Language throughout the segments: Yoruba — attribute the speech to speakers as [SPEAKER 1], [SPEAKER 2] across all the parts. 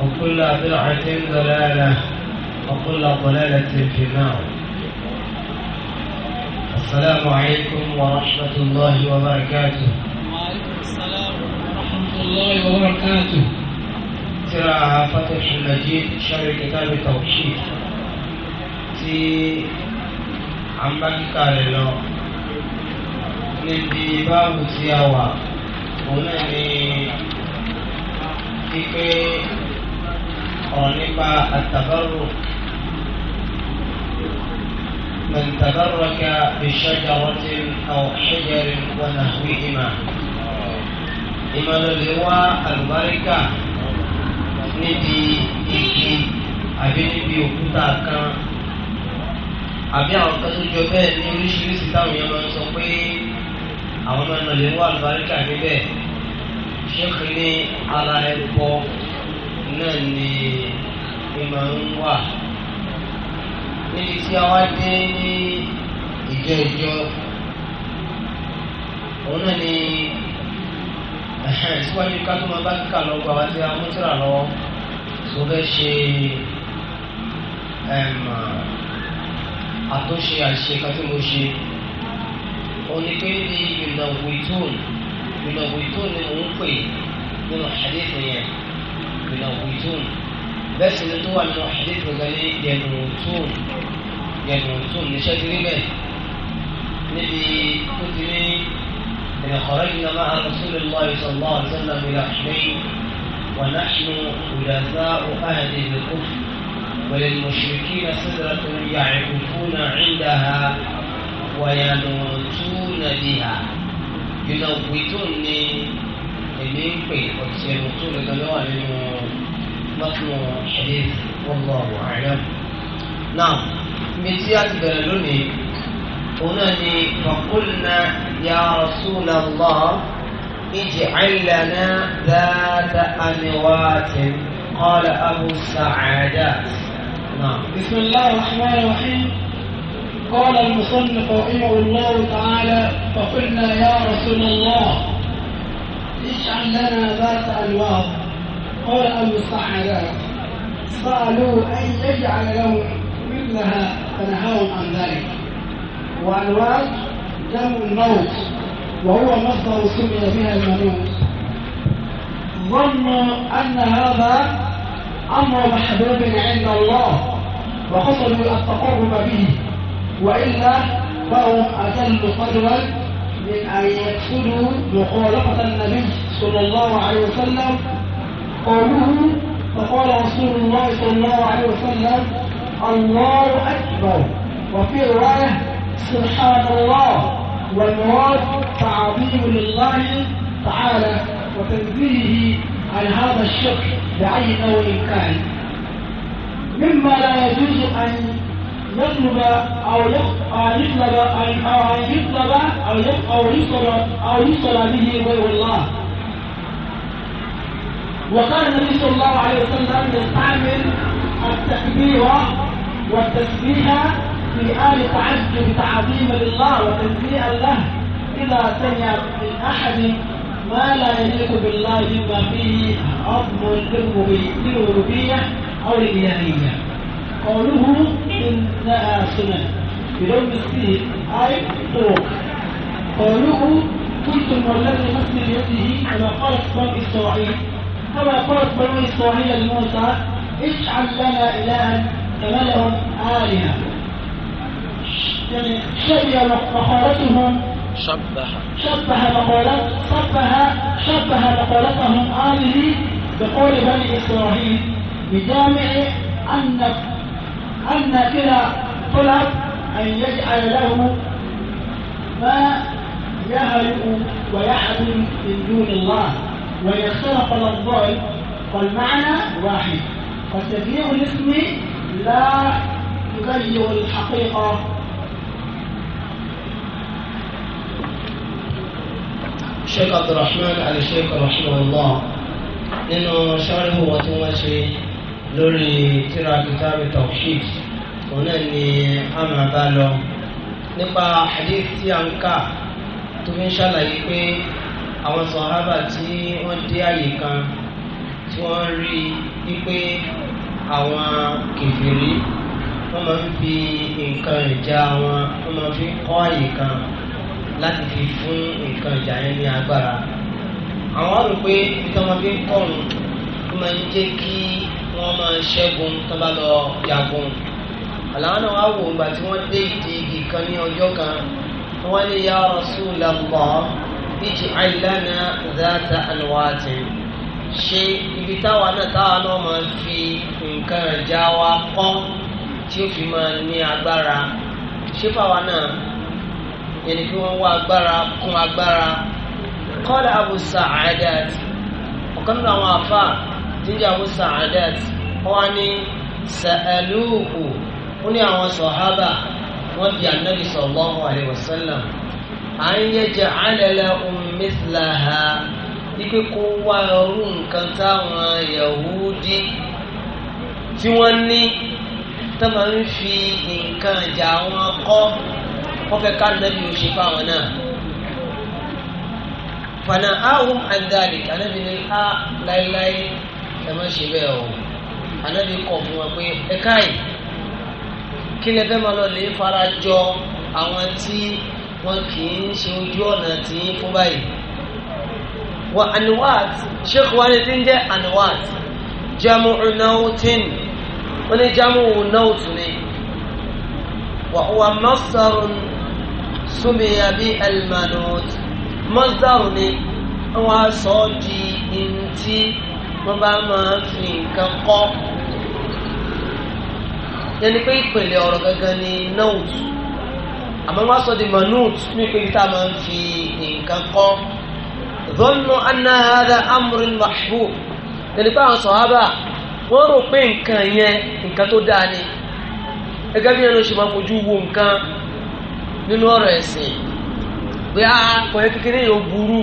[SPEAKER 1] وكل بدعة ضلالة وكل ضلالة في النار السلام عليكم ورحمة الله وبركاته وعليكم السلام ورحمة الله وبركاته ترى فتح المجيد شر كتاب التوحيد تي عمك قال له níbi báàbù tí a wà ọ̀rọ̀ nípa àtàbárò من تبرك بشجرة أو حجر ونحوهما ìmọ̀ ló lè wá àlùbáríkà
[SPEAKER 2] níbi igi àbí níbi òkúta kan àbí àwọn kan tó jọ bẹ́ẹ̀ ní oríṣiríṣi táwọn yẹn máa ń sọ pé àwọn máa ń lọ lè wá àlùbáríkà níbẹ̀ ṣé kí ni ara ẹ̀ pọ̀
[SPEAKER 1] náà ni ìmọ̀ ń wà níbi tí a wá dé ní ìjọ ìjọ òun náà ni síwájú ká tó máa bá kíkà lọ gba wá sí amútúrà lọ tó fẹ́ ṣe àtúnṣe àṣeká tí mo ṣe òun ní ìlànà ìtòun ìlànà ìtòun ni mò ń pè nínú àdéhùn yẹn. يموتون بس اللي هو لوحدته قال ايه يموتون يموتون مش نبي النبي
[SPEAKER 2] قتلي إن خرجنا مع رسول الله صلى الله عليه وسلم إلى حنين ونحن
[SPEAKER 1] ولاذاء أهل الكفر وللمشركين سدرة يعكفون عندها ويموتون بها
[SPEAKER 2] ينوتون èmi ń pè ọ̀tẹ̀ òtún nìkan ló wà nínú lọ́kùnrin ẹ̀dẹ́ ọgbà ọ̀wọ̀ àìlẹ́. náà ibi tí a ti bẹ̀rẹ̀ lónìí òun náà ni wàkúlnà ya Rasulullah ij'al lana dhata anwatin qala Abu Sa'adat. نعم
[SPEAKER 1] بسم الله الرحمن الرحيم قال المصنف رحمه الله تعالى فقلنا يا رسول الله اجعل لنا ذات أنوار قال أبو قالوا أن يجعل لهم مثلها فنهاهم عن ذلك وأنوار دم الموت وهو مصدر سمي بها الموت ظنوا أن هذا أمر محبوب عند الله وحصلوا التقرب به وإلا فهم أجل قدرا من أن يقصدوا مخالفة النبي صلى الله عليه وسلم قوله فقال رسول الله صلى الله عليه وسلم الله أكبر وفي رواية سبحان الله والمراد تعظيم لله تعالى وتنزيهه عن هذا الشكر بأي نوع كان مما لا يجوز أن يطلب أو يطلب أو يطلب أو يطلب أو يصل أو يصل به غير الله وقال النبي صلى الله عليه وسلم يستعمل التكبير والتسبيح في آل تعجب تعظيما لله وتسبيحا له إذا سمع من أحد ما لا يليق بالله مما فيه عظم للربوبية أو للإلهية قوله إنها سنن بلون السين أي طرق قوله كنت مولد مثل بيده كما قالت بني إسرائيل كما قالت بني إسرائيل لموسى اجعل لنا إلها كما لهم آلهة يعني شبه مقالتهم شبه شبه مقالت شبه شبه مقالتهم آله بقول بني إسرائيل بجامع أن أن كلا طلب أن يجعل له ما يهلك ويعبد من دون الله ويختلف الأفضل والمعنى واحد فتغيير الاسم لا يغير الحقيقة الشيخ عبد الرحمن على الشيخ رحمه الله إنه شعره wọ́n lórí tíra kìtàbí tawhid òun náà ni a máa bá lọ nípa
[SPEAKER 2] hadith tí a ń kà tó fi ń ṣàlàyé pé àwọn sọ̀hábà tí wọ́n dé àyè kan tí wọ́n rí i pé àwọn kèfèrí wọ́n máa ń fi nǹkan ìjà wọn wọ́n máa fi kọ́ àyè kan láti fi fún nǹkan ìjà yẹn ní agbára àwọn rò pé ibi tí wọ́n máa ń jẹ́ kí wọ́n máa ṣẹ́gun tó bá lọ jagun àlàáhùn náà wá wò ìgbà tí wọ́n dé ìdí igi kan ní ọjọ́ kan wọ́n ní ya Rasulullah ij'al lana dhata alwatin ṣe ibi táwa náà táwa náà máa fi nǹkan ìjà wa kọ́ tí ó fi máa ní agbára ṣé fáwa náà yẹn ni kí wọ́n wá agbára kún agbára qala Abu Sa'adat ọ̀kan nínú àwọn àfáà níjà àwọn sàádẹ́t wọ́n ní sàálùkù ó ní àwọn sọ̀hábà wọ́n bí ànábì sallallahu alaihi wasallam à ń yẹjẹ àlẹ́lẹ́ ummithalaha wípé kó wá ọrú nǹkan táwọn yahudi tí wọ́n ní tó máa ń fi nǹkan ìjà wọn kọ́ wọ́n fẹ́ ká nàbí o ṣe fáwọn náà fana ahum andalik anabi ah, ni a ẹ má ṣe bẹ́ẹ̀ o anábì kọ̀ fún wa pé ẹ káì kí lẹ fẹ́ máa lọ lè fara jọ àwọn tí wọn kì í ṣe ojú ọ̀nà tí fún báyìí wa anuwaat sheikh wani ti ń jẹ́ anuwaat jamu nautin wọ́n ní jamu nautu ni wa huwa masarun sumiya bi almanut masaru ni wọ́n á sọ di ntí wọ́n bá máa fi nǹkan kọ́ yẹni pé ìpele ọ̀rọ̀ gangan ni note àmọ́ wọ́n sọ di manute ní ìpele tá a máa fi nǹkan kọ́ dhannu anna hadha amrun mahbub yẹni pé àwọn sọ̀hábà wọ́n rò pé nǹkan yẹn nǹkan tó dáa ni gẹ́gẹ́ bí ẹnu ṣe máa fojú wo nǹkan nínú ọ̀rọ̀ ẹ̀sìn pé a kò yẹ kékeré yóò burú.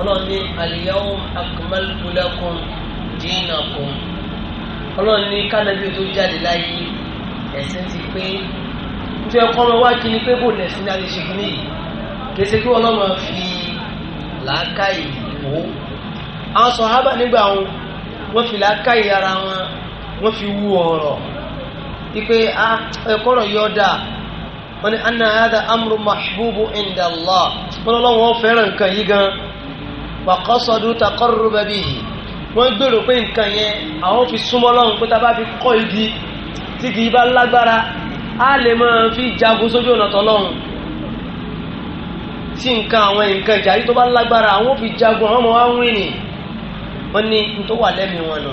[SPEAKER 2] ọlọ́run ní al-yawma akmaltu lakum dinakum ọlọ́run ní kánẹ́bí tó jáde láyé ẹ̀sìn ti pé tó ẹ̀kọ́ ọmọ wá kí ni pé bò lẹ̀sìn ní alẹ́ ṣe kí ni kí wọ́n fi làákàyè wò ó àwọn sàhábà nígbà wọn wọ́n fi làákàyè ara wọn wọ́n fi wú ọ̀rọ̀ ipe ẹ̀kọ́ ọ̀rọ̀ yọ̀ dáa wọ́n ní anna hadha amru mahbubu inda Allah wọ́n lọ́wọ́ fẹ́ràn nǹkan yìí gan wàkọ́sọdún takọ́rù bẹ́bí yìí wọ́n gbèrò pé nǹkan yẹn àwọn fi súnmọ́ lọ́hùn pé tá bá fi kọ́ igi tí kì í bá lágbára á lè máa fi jagun sójú ọ̀nà tọ́lọ́hùn tí nǹkan àwọn nǹkan ìjà yìí tó bá lágbára àwọn fi jagun àwọn ọmọ wa ń rìn wọ́n ní n wà lẹ́mìí wọn nù.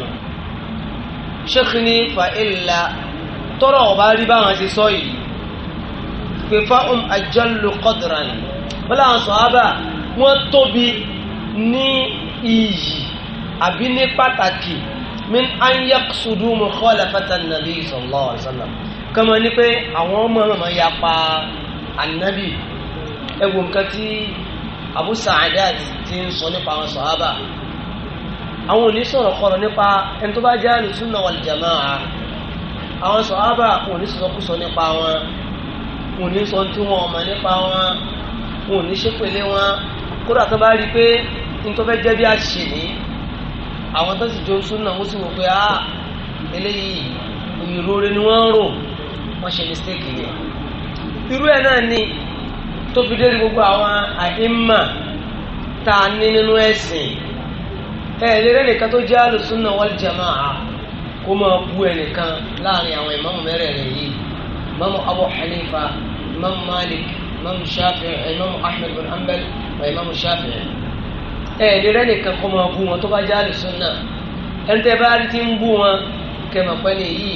[SPEAKER 2] sheikh ní fa'ila tọrọ ọba rí báwọn ṣe sọ yìí pé fáwọn àjọlù um qadran wọ́n láwọn sọ̀hábà ní iyì àbí ní pàtàkì min an yaqsudu mukhalafata an-nabi sallallahu alaihi wasallam kama ni pé àwọn ọmọ ọmọ ya pa ànábì ẹwọ nǹkan Abu Sa'adat ti ń sọ nípa àwọn sọ̀hábà àwọn onísọ̀rọ̀ kọ̀rọ̀ nípa ẹni tó sunna wal jama'a àwọn sọ̀hábà kò ní sọ̀sọ̀kúsọ nípa wọn kò ní sọ tí wọn ọmọ nípa wọn kò ṣépele wọn kódà tó bá rí i pé n tó fẹ́ jẹ́ bí àṣìlí àwọn tó sì sì wò pé a ah, eléyìí ìrore ni wọ́n ń rò wọ́n ṣe mistake yẹn irú ẹ̀ náà ni tó fi dérí gbogbo àwọn àìmà tá ní nínú ẹ̀sìn ẹ̀ lérè nìkan tó jẹ́ àlùsúnà wal jama'a kó máa bú ẹnìkan láàrin àwọn ìmáàmù yìí Abu Hanifa Malik imam shafi'i imam ahmed bin hanbal wa imam shafi'i ẹ lérẹ nìkan kọ́ máa bú wọn tó bá já lè sunna ẹni tẹ́ bá rí ti ń bú wọn kẹmọ̀ pẹ́ ni yìí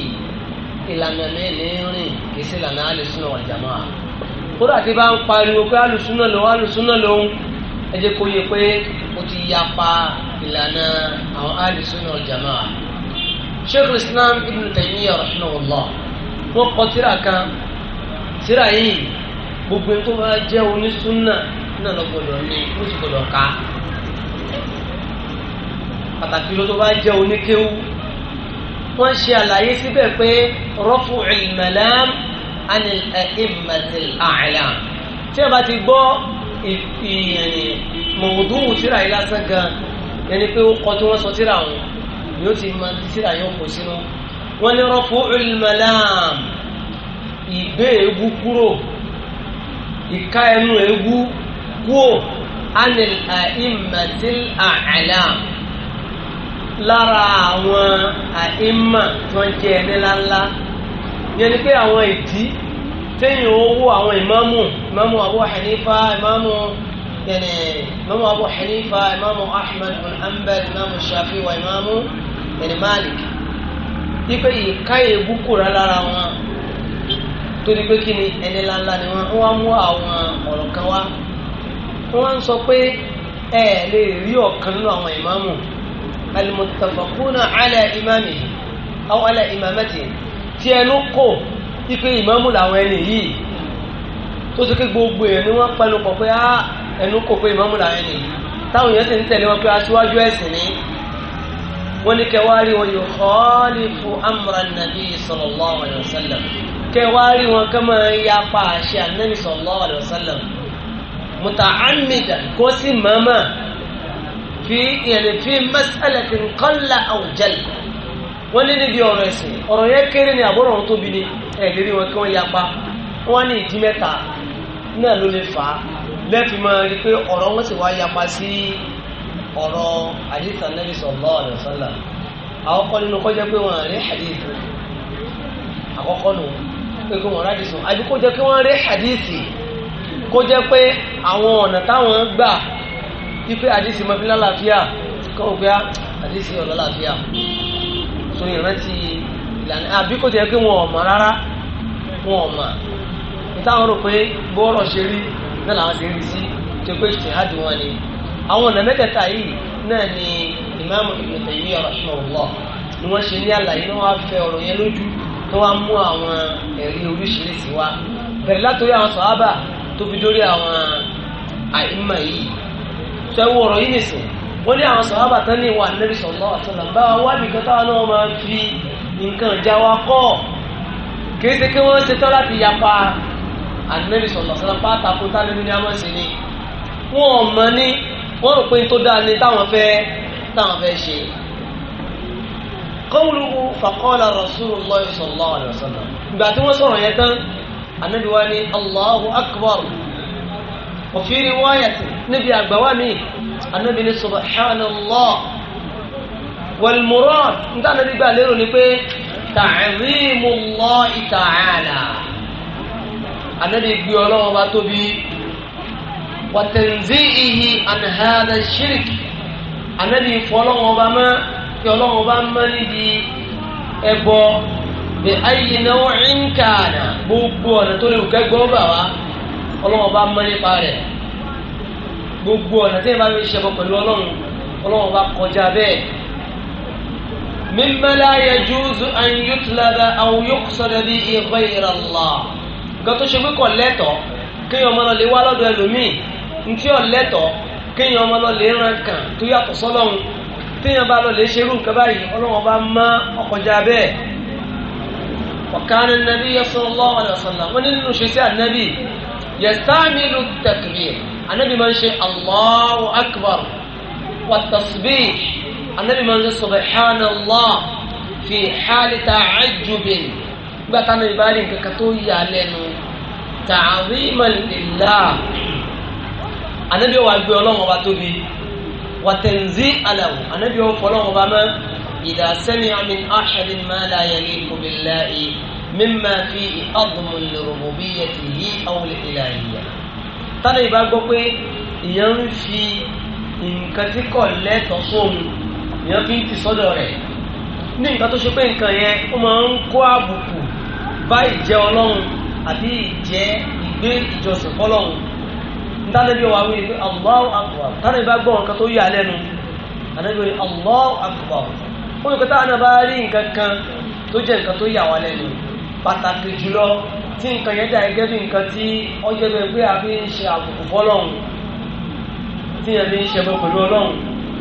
[SPEAKER 2] ìlànà mi ní rìn kì í sí ìlànà alùsùnà wal jamaa kódà tí bá ń pariwo pé alùsùnà lòun alùsùnà lòun ẹ jẹ́ kó yẹ pé ó ti yapa ìlànà àwọn alùsùnà wal jamaa sheikh islam ibn taymiyyah rahimahullah wọn kọ tírà kan tírà yìí gbogbo ẹni tó bá jẹ́ onísúnà náà lọ gbọdọ̀ ní ló sì gbọdọ̀ ká pàtàkì ló tó bá jẹ́ oníkéwú wọ́n ṣe àlàyé síbẹ̀ pé rọ́fù ìmẹ̀lẹ́m anil ẹ̀ẹ́mẹ̀tìl àìlá tí a bá ti gbọ́ mọ̀ọ́dúnwù tíra yìí lásán gan ẹni pé ó kọ tí wọ́n sọ tíra wọn yóò ti máa tíra yóò kó sínú wọ́n ní rọ́fù ìmẹ̀lẹ́m ìgbé kúrò ìka ẹnu ewu kúò anil àìmàtil àìlà lára àwọn àìmà tó ń jẹ ẹni láńlá yẹn ni pé àwọn ìdí téèyàn owó àwọn ìmáàmù ìmáàmù Abu Hanifa ìmáàmù yẹnì ìmáàmù Abu Hanifa ìmáàmù Ahmad bin ìmáàmù Shafi wa ìmáàmù yẹnì Malik yí pé ìka ewu kúrò lára wọn torí pé kí ni ẹni ńláńlá ni wọ́n wá mú àwọn ọ̀rọ̀ kan wá wọ́n ń sọ pé ẹ lè rí ọ̀kan nínú àwọn ìmáàmù alimọ̀tàfàkúnà alẹ́ ìmáàmì àwọn alẹ́ ìmáàmẹ́tì tí ẹnu kò ipe ìmáàmù làwọn ẹni yìí tó ti ké gbogbo èèyàn ni wọ́n pẹnu pọ̀ pé ah, ẹnu kò pé ìmáàmù làwọn ẹni yìí táwọn èèyàn sì ń tẹ̀lé wọn pé aṣíwájú ẹ̀sìn ni wọ́n ní kẹwàá rí wọn yóò kọ́ fún amúra nàbí sallallahu alaihi wasallam kẹ wá rí wọn kẹ máa ya pa àṣẹ Ànábì sallallahu alaihi wasallam muta'ammidan kó sì mọ́mọ́ fi yẹn fi mas'alatin qalla aw jalla wọ́n ní níbi ọ̀rọ̀ ẹ̀sìn ọ̀rọ̀ yẹn kéré ni àbúrò ọ̀hún tóbi ni ẹ̀ẹ́dẹ́rì wọn kí wọ́n ya wọ́n ní ìdí mẹ́ta náà ló lè fà á lẹ́fi máa rí pé ọ̀rọ̀ wọn sì wá yapa sí ọ̀rọ̀ hadith Ànábì sallallahu alaihi wasallam àkọ́kọ́ nínú kọjá pé wọ́n rí hadith àkọ́kọ́ nù pé kí wọ́n rádìí sùn àbí kó jẹ́ kí wọ́n rí hadisi kó jẹ́ pé àwọn ọ̀nà táwọn gbà wípé hadisi máa fi lálàáfíà kọ́ òpé hadisi ò lálàáfíà so ìrántí ìlànà àbí kó jẹ́ kí wọ́n ọ̀mọ̀ rárá wọ́n ọ̀mọ̀ ìtàwọn rò pé bọ́ọ̀rọ̀ ṣe rí náà làwọn ti rí sí tó pé ìṣèhádìí wọn ni àwọn ọ̀nà mẹ́tẹ̀ẹ̀ta yìí náà ni ìmáàmù Ibn Taymiyyah rahimahullah ni wọ́n ṣe ní àlàyé náà wọ́n á fẹ́ ọ̀rọ̀ yẹn lójú tó wá mú àwọn ẹ̀rí oríṣiríṣi wá bẹ̀rẹ̀ látòrí àwọn sọ̀hábà tó fi dórí àwọn àìmọ̀ yìí tó ẹ wo ọ̀rọ̀ yìí nìsín wọ́n ní àwọn sọ̀hábà tán ní ìwà nẹ́bí sọ̀lọ́ ọ̀tọ̀lá bá wa wá nìkan táwọn náà máa fi nǹkan já wa kọ́ kì í ṣe kí wọ́n ṣe tán láti yapa ànẹ́bí sọ̀lọ́ sọ̀lá pátákó tánẹ́bí ní àmọ́ sí ni wọ́n mọ̀ ní wọ́n rò pé tó dáa ni táwọn fẹ́ táwọn fẹ́ ṣe qawluhu faqala rasulullah sallallahu alaihi wasallam ìgbà tí wọ́n sọ̀rọ̀ yẹn tán anabi wa ni allahu akbar wa fi riwayati níbi àgbàwá mi anabi ni subhanallah wal murad níta anabi gbà lérò ni pé ta'zimullahi ta'ala anabi gbé ọlọ́wọ́ bá bá máa kí ọlọ́run bá mọ́ níbi ẹbọ bí ayé náà ń kàànà gbogbo ọ̀nà tó lè rùkẹ́ gbọ́ bà wá ọlọ́run bá mọ́ nípa rẹ̀ gbogbo ọ̀nà tí ìbá fi ṣe ẹbọ pẹ̀lú ọlọ́run ọlọ́run bá kọjá bẹ́ẹ̀. مما لا يجوز أن يطلب أو يقصد به غير الله nǹkan tó ṣe pé kò lẹ́tọ̀ kéèyàn ọmọ náà lè wá lọ́dọ̀ ẹlòmíì ntí ò lẹ́tọ̀ kéèyàn ọmọ náà lè ràn kàn tó yàtọ̀ sọ́lọ́run téèyàn bá lọ lè ṣerú nǹkan báyìí ọlọ́wọ́n bá má ọkọjá bẹ́ẹ̀ ọ̀kan nàbí sallallahu alaihi wasallam wọ́n nínú ṣe sí ànábì yastamilu takbir ànábì máa ń ṣe allahu akbar wa tasbih ànábì máa ń ṣe subhanallah fi hali ta'ajjubin nígbà táwọn ìbáraẹ̀ nǹkan kan tó yà lẹ́nu ta'ziman lillah ànábì wà gbé ọlọ́wọ́n bá tóbi wàtẹ̀nzí alahu anabi wọn fọlọ́ wọn bá mọ́ ìdá sẹ́mi amin ahadin ma la yaliqu billahi mimma fi ọ̀gbọ̀n rububiyyatihi aw ilahiyyah. tálẹ̀ ìbá gbọ́ pé ìyẹn ń fi nǹkan tí kò lẹ́tọ̀ọ́ sóhun ìyẹn fi ń ti sọ́dọ̀ rẹ̀ ní nǹkan tó ṣe pé nǹkan yẹn ó máa ń kó àbùkù bá ìjẹ́ ọlọ́run àti ìjẹ́ ìgbé ìjọsìn fọlọ́run ntànàbí wa wí pé Allahu akbar tànàbí bá gbọ́ nǹkan tó yà lẹ́nu ànàbí wa Allahu akbar ó ní kọ́tà ànàbá rí nǹkan kan tó jẹ́ nǹkan tó yà wá lẹ́nu pàtàkì jùlọ tí nǹkan yẹn dà gẹ́gẹ́ bí nǹkan tí ó jẹ́ bẹ́ẹ̀ pé àfi ń ṣe àbùkù fọ́lọ́hún tí yẹn fi ń ṣe bẹ́ẹ̀ pẹ̀lú ọlọ́hún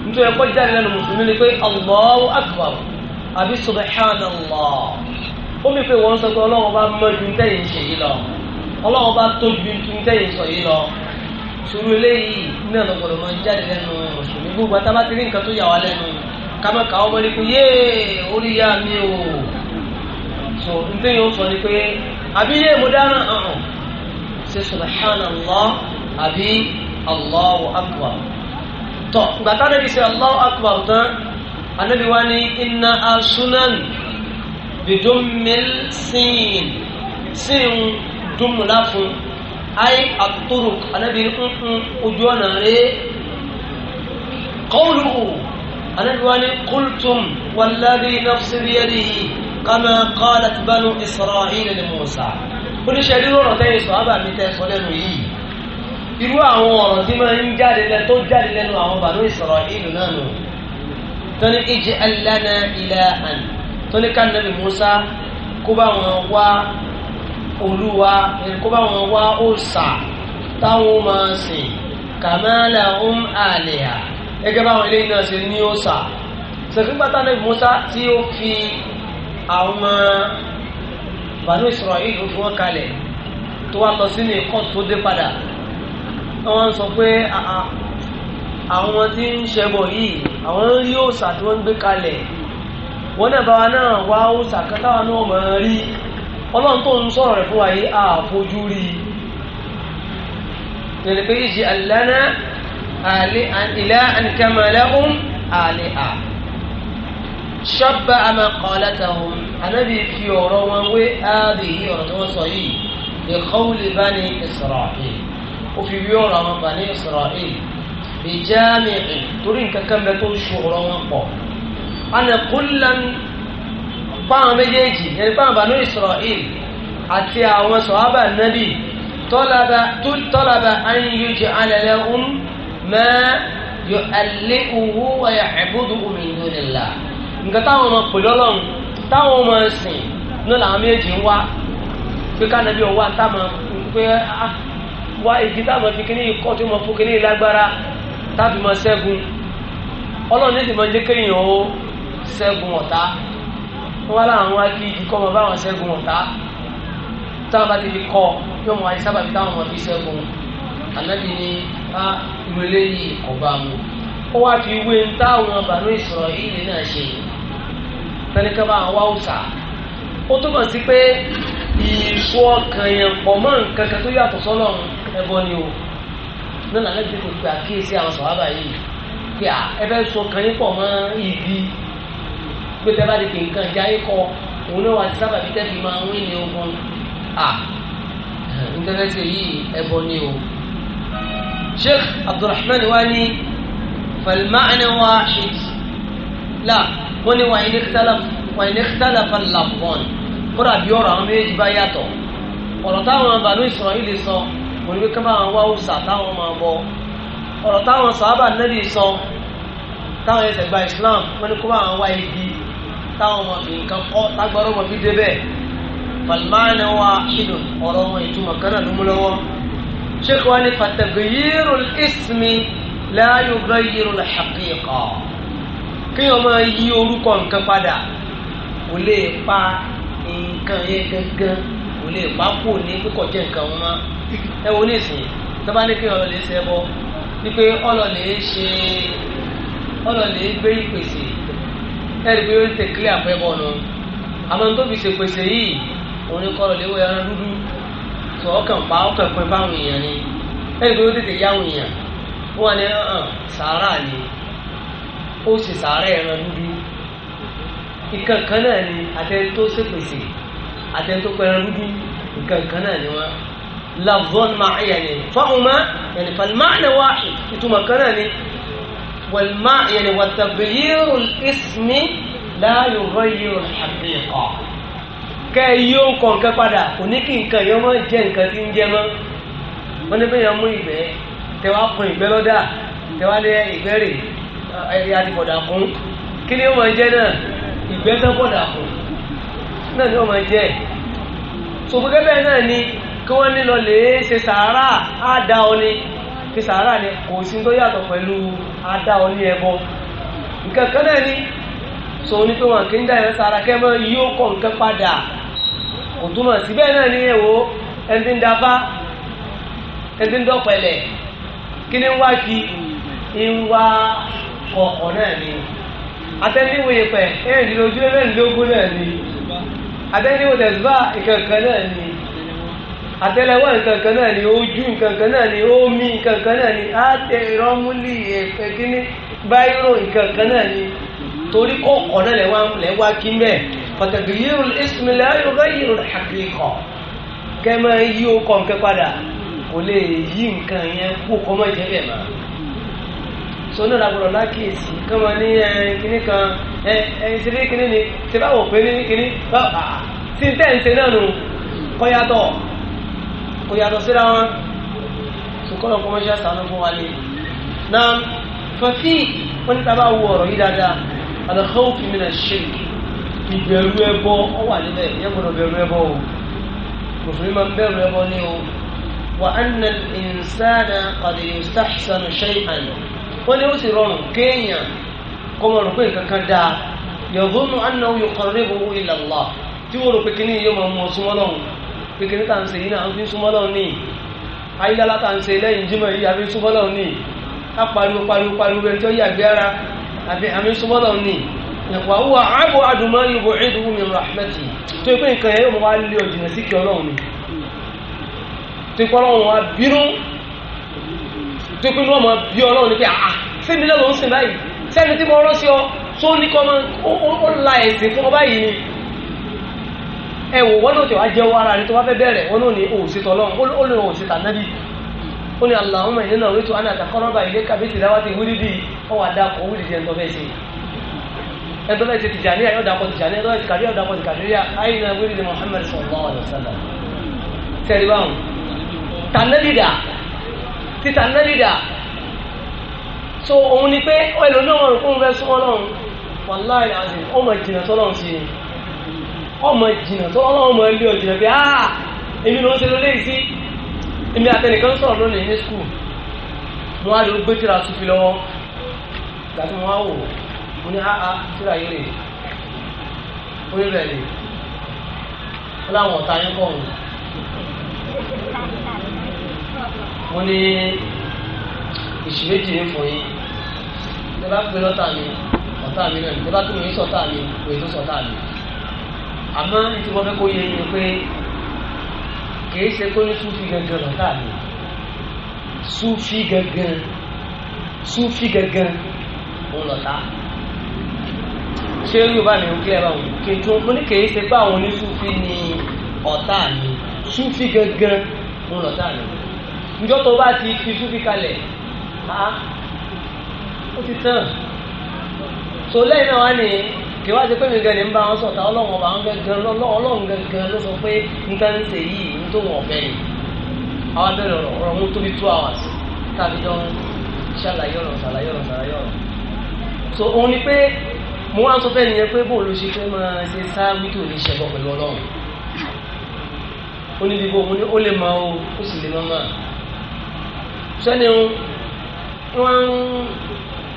[SPEAKER 2] nítorí ẹ̀kọ́ jáde lẹ́nu mùsùlùmí ni pé Allahu akbar àbí subhanallah ó mi pé wọ́n sọ sùúrù eléyìí náà lọ gbọ́dọ̀ máa jáde lẹ́nu mùsùlùmí gbogbo àtàbà ti rí nǹkan tó yà wá lẹ́nu kámá káwọ́ mọ́ ní pé yéè orí yá mi o so n tẹ́ yóò sọ ni pé àbí yéè mo dáná hàn ṣe subhanallah àbí allahu akbar tọ gbàtà nàbí ṣe allahu akbar tán anabi wa ni inna asunan bidumil sin sin dumuláfun ayé àtútòrò anábì nǹkan ojú ọ̀nà rẹ̀ kọ́ọ̀lù anábì wa ni kultum wàlábì nafsi biyadihi kama qalat banu isra'ila li Musa oníṣẹ́ irú ọ̀rọ̀ tẹ́yìn sọ ábà mi tẹ́ sọ lẹ́nu yìí irú àwọn ọ̀rọ̀ tí máa ń jáde lẹ́nu tó jáde lẹ́nu àwọn banu isra'ila náà nù tọ́ni ij'al lana ilahan tọ́ni ká nàbì Musa kó bá wọn wá olúwa kó bá wọn wá òòṣà táwọn máa sìn kàmáàlà ń àlèyà gẹ́gẹ́ báwọn eléyìí náà ṣe ní òòṣà sèkúgbàtà náà Musa tí ó fi àwọn bàánú Israel ó fi wọn kalẹ̀ tó wá lọ sí ní kóòtù tó dé padà wọ́n sọ pé àwọn tí ń ṣẹbọ yìí àwọn rí òòṣà tí wọ́n ń gbé kalẹ̀ wọ́n náà bá wa náà wá òòṣà kan táwọn náà mọ̀ rí ọlọ́run tó ń sọ̀rọ̀ rẹ̀ fún wa yìí àfojú rí i lẹ́nu pé yíṣi àlànà ilẹ̀ ànkẹ́mọ̀lẹ́hùn àlẹ́ à ṣọ́bà àmàkọ́lẹ́tàhùn anábì fi ọ̀rọ̀ wọn wé áàbì yìí ọ̀rọ̀ tó wọ́n sọ yìí ìkọ́wùlì bá ní Isra'il ó fi wí ọ̀rọ̀ àwọn bá ní Isra'il ìjáàmì torí nǹkan kan bẹ tó ṣòro wọn pọ̀ fáwọn méjèèjì ẹni fáwọn bànú Israel àti àwọn sọ̀hábà nábì tọ́lába tọ́lába alẹ́lẹ́ ń mẹ́ yọ alẹ́ owó wáyà ẹ̀bùdù òmìnira nílá ọmọ ṣẹ́gun ọlọ́run ní kéèyàn ó ṣẹ́gun ọ̀tá wọ́n láwọn wá kí ìdíkọ́ mọ̀ báwọn ṣẹ́gun ọ̀tá táwọn bá ti fi kọ́ yóò mọ̀ wáyé sábàbí táwọn mọ̀ fi ṣẹ́gun ànábì ní bá ìrọ̀lẹ́ yìí ọ̀bá mu ó wá fi wé táwọn bàánú ìsọ̀rọ̀ ìlú náà ṣe tẹnikẹ́ bá wá òòsà ó túbọ̀ sí pé ìṣó ọkàn yẹn pọ̀ mọ́ nǹkan kan tó yàtọ̀ sọ́lọ̀ ẹbọ ni o náà lálẹ́ bí kò gbà kíyèsí àwọn sọ̀hábà pé tẹ́ bá lè fi nǹkan ìjà yé kọ òun náà wà sábà fi tẹ́bi máa ń wíìnì ogun à íńtánẹ́ẹ̀tì yìí ẹbọ ni o. sheikh abdulrahman wa ni falmaana wahid la wọ́n ní wàyí ní xtalafa lafọ́n kódà bí ọ̀rọ̀ àwọn méjì bá yàtọ̀ ọ̀rọ̀ táwọn bànú Israili sọ wọ́n ní kábà àwọn wáwùsà táwọn máa bọ ọ̀rọ̀ táwọn sàábà nẹ́bí sọ táwọn ẹsẹ̀ gba Islam wọ́n ní kó bá àwọn táwọn ọmọ nǹkan kọ́ tágbọ́rọ́ ọmọ fi débẹ̀ falmaana wa idun ọ̀rọ̀ wọn ìtumọ̀ kan náà ló mú lọ́wọ́ sheikh wani fatagyiru ismi la yughayyiru al-haqiqa kéèyàn máa yí orúkọ nǹkan padà kò lè pa nǹkan yẹn gangan kò lè pa kò ní kíkọ̀ jẹ́ nǹkan wọn mọ́ ẹ wo ní ìsìn tọ́ba ní kéèyàn lọ lè ṣe ẹbọ wípé ọlọ́ọ̀lẹ́ ṣe ọlọ́ọ̀lẹ́ gbé ìpèsè ẹ̀rí pé ó ń ṣe kílẹ̀ àpẹ́bọ̀ nù àmọ́ tó fi ṣèpèsè yìí òun ni kọ́ lọ́lẹ́wọ̀ ẹran dúdú tó ọkàn pa ọkàn pẹ́ báwọn èèyàn ni ẹ̀rí pé ó tètè yáwọn èèyàn wọ́n ní sàárà ni ó sì sàárà ẹran dúdú nǹkan kan náà ni àtẹni tó ṣèpèsè àtẹni tó pẹ́ ẹran dúdú nǹkan kan náà ni wọ́n lafzon máa yẹn ni fọ́ọ̀mù máa yẹn ni fàlmáà ni wáhì ìtumọ̀ kan náà ni والماء يعني وتغيير الاسم لا يغير الحقيقة kẹ yóò kàn kẹ padà kò ní kí nǹkan yóò máa jẹ nǹkan tí ń jẹ mọ́ wọn ní bẹyàn mú ìgbẹ́ tẹwà fún ìgbẹ́ lọdà tẹwà lé ìgbẹ́ rè ẹyà ti bọdà fún kí ni ó máa jẹ náà ìgbẹ́ tó bọdà fún pé sàárà ni kò sí tó yàtọ̀ pẹ̀lú adá ọ ní ẹbọ nǹkan kan náà ni so ní pé wọn kì í dá ẹ̀rọ sàárà kẹ́mọ́ yí ó kọ̀ nǹkan padà kò túmọ̀ sí bẹ́ẹ̀ náà ní ẹ̀wọ́ ẹni tí ń dafá ẹni tí ń dọ̀pẹ̀lẹ̀ kí ni ń wá kí ń wá ọkọ̀ náà ni atẹ́niwò yẹpẹ̀ ẹ̀rìn lójú ẹ̀rìn lógún náà ni atẹ́niwò tẹ̀síbà ìkẹ̀kẹ̀ náà ni àtẹ́lẹwọ́ nkankan náà ni ojú nkankan náà ni omi nkankan náà ni àtẹ ìrọmúlì ẹfẹ kíní báyìrò nkankan náà ni torí kọkọ náà lẹwà lẹwà kí mbẹ pàtàkì yíyọ ìsúnmílẹ ayọkọ yíyọ àkìkọ kẹmẹ yí o kọ nkẹ padà kò lè yí nkan yẹn kó kọmọ jẹ bẹ́ẹ̀ ma sọ́nà làbọ̀rọ̀ lákìsì kọ́mọ ní kíní kan ẹ ẹ ṣeré kíní ni ṣe báwo pé ní kíní báwo ah, ah, kò yàtọ̀ síra wọn ṣùkọ́lọ̀ kọ́ mọ́ṣẹ́ sànú fún wa lè na fàfí wọn ní tábà wo ọ̀rọ̀ yìí dáadáa al-khawf min ash-shirk ìbẹ̀rù ẹbọ ọ wà níbẹ̀ yẹ gbọ́dọ̀ bẹ̀rù ẹbọ o mùsùlùmí máa ń bẹ̀rù ẹbọ ní o wa anna al-insana qad yustahsanu shay'an wọ́n ní ó sì rọrùn kéèyàn kọ́ mọ̀ rò nǹkan kan dáa yadhunnu annahu yuqarribuhu ila Allah tí wọ́n kékeré tá à ń ṣe yìí náà fi ń súnmọ́ lọ́run ní ayélujára tá à ń ṣe lẹ́yìn jímọ̀ yìí àfi ń súnmọ́ lọ́run ní ká pariwo pariwo pariwo ẹni tó yàgbé ara àfi àmì ń súnmọ́ lọ́run ní ìwà wà áàbò àdùnmọ́ ìbò ìdúró mi rahmeti tó yẹ nǹkan yẹn mo wá lé ọ̀jìnà sí kí ọlọ́run ni tó yẹ pé wọ́n máa bí ọlọ́run ni pé àà sẹ́mi lẹ́lọ́ ń sìn báyìí sẹ́mi tí mo rán sí ọ tó ní kọ́ máa ó la ẹ̀sìn fún ọ báyìí ni ẹ wò wọ́n lóòtọ́ wá jẹ́wọ́ ara rẹ tó wá fẹ́ bẹ̀rẹ̀ wọ́n ló ní òsìtọ́ ọlọ́run ó lè òsìtà nábì ó ní Allahumma ìdènà orí tó á ní àtàkọ́rọ́bà ilé kàbí ti dáwà ti wúlí bí ọ wà dáko ó wúlí jẹ́ ẹ̀ńtọ́ bẹ́ẹ̀ sí ẹ̀ńtọ́ bẹ́ẹ̀ ti Tìjàníyà yóò dáko Tìjàníyà ẹ̀ńtọ́ bẹ́ẹ̀ ti kàdíyà yóò dáko Kàdíyà ayé na wúlí ni Muhammad sallallahu alaihi wasallam tẹ̀lé báwọn tànẹ́lìdà ti tànẹ́lìdà so òun ni pé ẹlòmíràn wọn kún fẹ́ súnmọ́ lọ́run wàláì àzìn ó mọ̀ ìjìnà sọ́lọ́run sí i ọmọ jìnnà tó ọlọ́wọ́ mọ ilé ọ̀jìnà pé áà ah, èmi ló ń ṣe lóde sí èmi àtẹnìkan sọ̀rọ̀ lónìí ní skul mo wá lọ gbé tíra sufi lọ́wọ́ gàtí mo wá wò mo ní áà ah, ah, tíra yìí rè ó rí rẹ̀ rè ó láwọn ọ̀tá yín kọ̀ wọ́n mo ní ìṣìlẹ́jì ń fún yín ní bá pé lọ́tà mi ọ̀tá mi náà ní bá pé mi sọ̀tà mi òye tó sọ̀tà mi àmọ́ tí wọ́n fẹ́ kó yẹ yẹ pé kìí ṣe pé súfì gangan lọ́tà mi súfì gangan súfì gangan òun lọ́tà ṣé yorùbá mi ń kílẹ̀ báwọn kìtù mo ní kìí ṣe pé àwọn onísúfì ni ọ̀tá mi súfì gangan òun lọ́tà mi njọ́ tó bá ti fi súfì kalẹ̀ á ó ti tán so lẹ́yìn náà wá ní kí wá sí pé mi gẹ̀rẹ̀ ń bá wọn sọ̀tà ọlọ́run ọba wọn gẹ̀gẹ̀ ọlọ́run gẹ̀gẹ̀ ló sọ pé n tẹ́ ń ṣe yìí n tó wọ̀ fẹ́ yìí àwọn abẹ́rẹ́ ọ̀rọ̀ ọ̀rọ̀ mú tóbi two hours tàbí jọ ṣàlàyé ọ̀rọ̀ ṣàlàyé ọ̀rọ̀ ṣàlàyé ọ̀rọ̀ so òun ni pé mo wá ń sọ fẹ́ẹ́ nìyẹn pé bó ló ṣe fẹ́ máa ṣe sáábí tó lè ṣẹ̀bọ̀ pẹ̀lú ọlọ́run ó ní bíbó mo ní ó lè máa o ó sì lè máa máa sẹ́ni wọn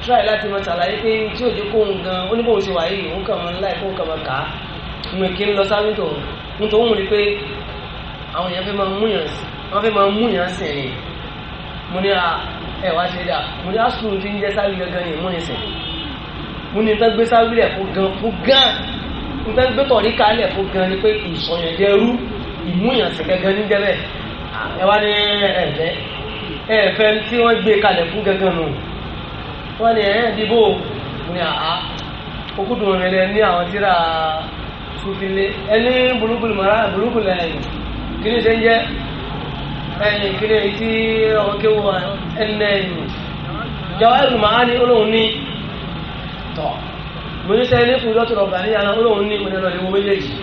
[SPEAKER 2] tíráì láti máa ṣàlàyé pé tí òjò kó ń gan ó ní bóun ṣe wà yìí òun kàn máa láì fóun kàn máa kà á ìmọ̀ kí ń lọ sáré tó nítorí òun rí pé àwọn èèyàn fẹ́ máa mú yàn sí wọ́n fẹ́ máa mú yàn sí ẹ̀yìn mo ní ẹ wá ṣe dà mo ní asukuru ti ń jẹ́ sáré gangan yìí mú ní sìn mo ní tán gbé sáré rẹ̀ fún gan fún gan mo tán gbé tọ̀rí kalẹ̀ fún gan ni pé ìsọ̀yànjẹ́rú ìmúyànsìn gangan ní jẹ́ ẹ wá ní ẹ̀fẹ́ ẹ̀fẹ́ tí wọ́n gbé kalẹ̀ fún gangan nù wọ́n ní ẹ̀yìn ìdìbò ní àá okúdù rẹ̀ ní àwọn tíra sùfìlẹ̀ ẹni burúkú mara burúkú lẹ́yìn kí ni ṣe ń jẹ́ ẹ̀yìn kí ni tí ọmọ kéwù ẹnẹ́yìn Jawahirul Ma'ani olóhùn ní tọ̀ gbèsè ní kùdọ́ tó rọ̀gbà ní àwọn olóhùn ní ìpínlẹ̀ ìwọ méjèèjì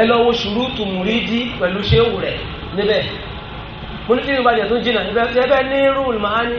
[SPEAKER 2] ẹ lọ wo ṣùrùtù mùrídì pẹ̀lú ṣéwù rẹ̀ níbẹ̀ mo ní tí ìrìnbàjẹ́ tó jìnnà níbẹ̀ ní rúùlù Ma'ani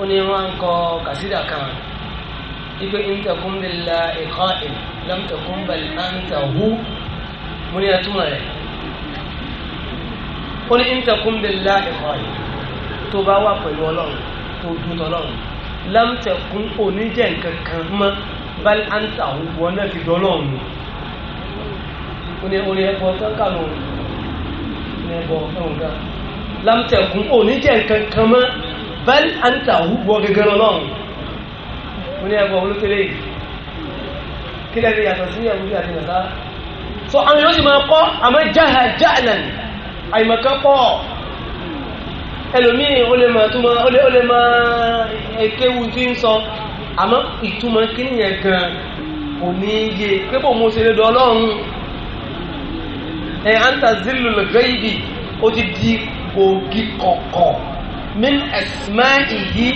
[SPEAKER 2] ó ní wọ́n kọ kàsídà kan ipe intakum bila iqa'in lam takum bal anta hu mo ní ẹtúmọ̀ rẹ̀ ó ní intakum bila iqa'in tó bá wà pẹ̀lú ọlọ́run tó dún tọ́lọ́run lam takun oníjẹ̀ nǹkan kan mọ́ hu wọn náà ti dọ́lọ́run ó ní orin ẹ̀kọ́ kankan lòun ní ẹ̀kọ́ ẹ̀wọ̀n kan lam takun oníjẹ̀ nǹkan bẹ́ẹ̀ àǹtà wúwo gẹ́gẹ́rún náà mo ní ẹgbẹ́ olókèlè kílẹ̀ ní yàtọ̀ sí ìyàwó àti nàṣà so àwọn yóò sì máa kọ́ àmọ́ jáhà jáàlàn àyìnbọ̀kẹ́ pọ̀ ẹlòmíì ó lè máa túmọ̀ ó lè máa kéwu tí ń sọ àmọ́ ìtumọ̀ kíníyàn gan kò ní yé pé bò mo ṣe lè dọ̀ ọlọ́run ẹ̀ àǹtà zílù lọ́gẹ́ yìí ó ti di ògì kọ̀kọ̀ min asma'ihi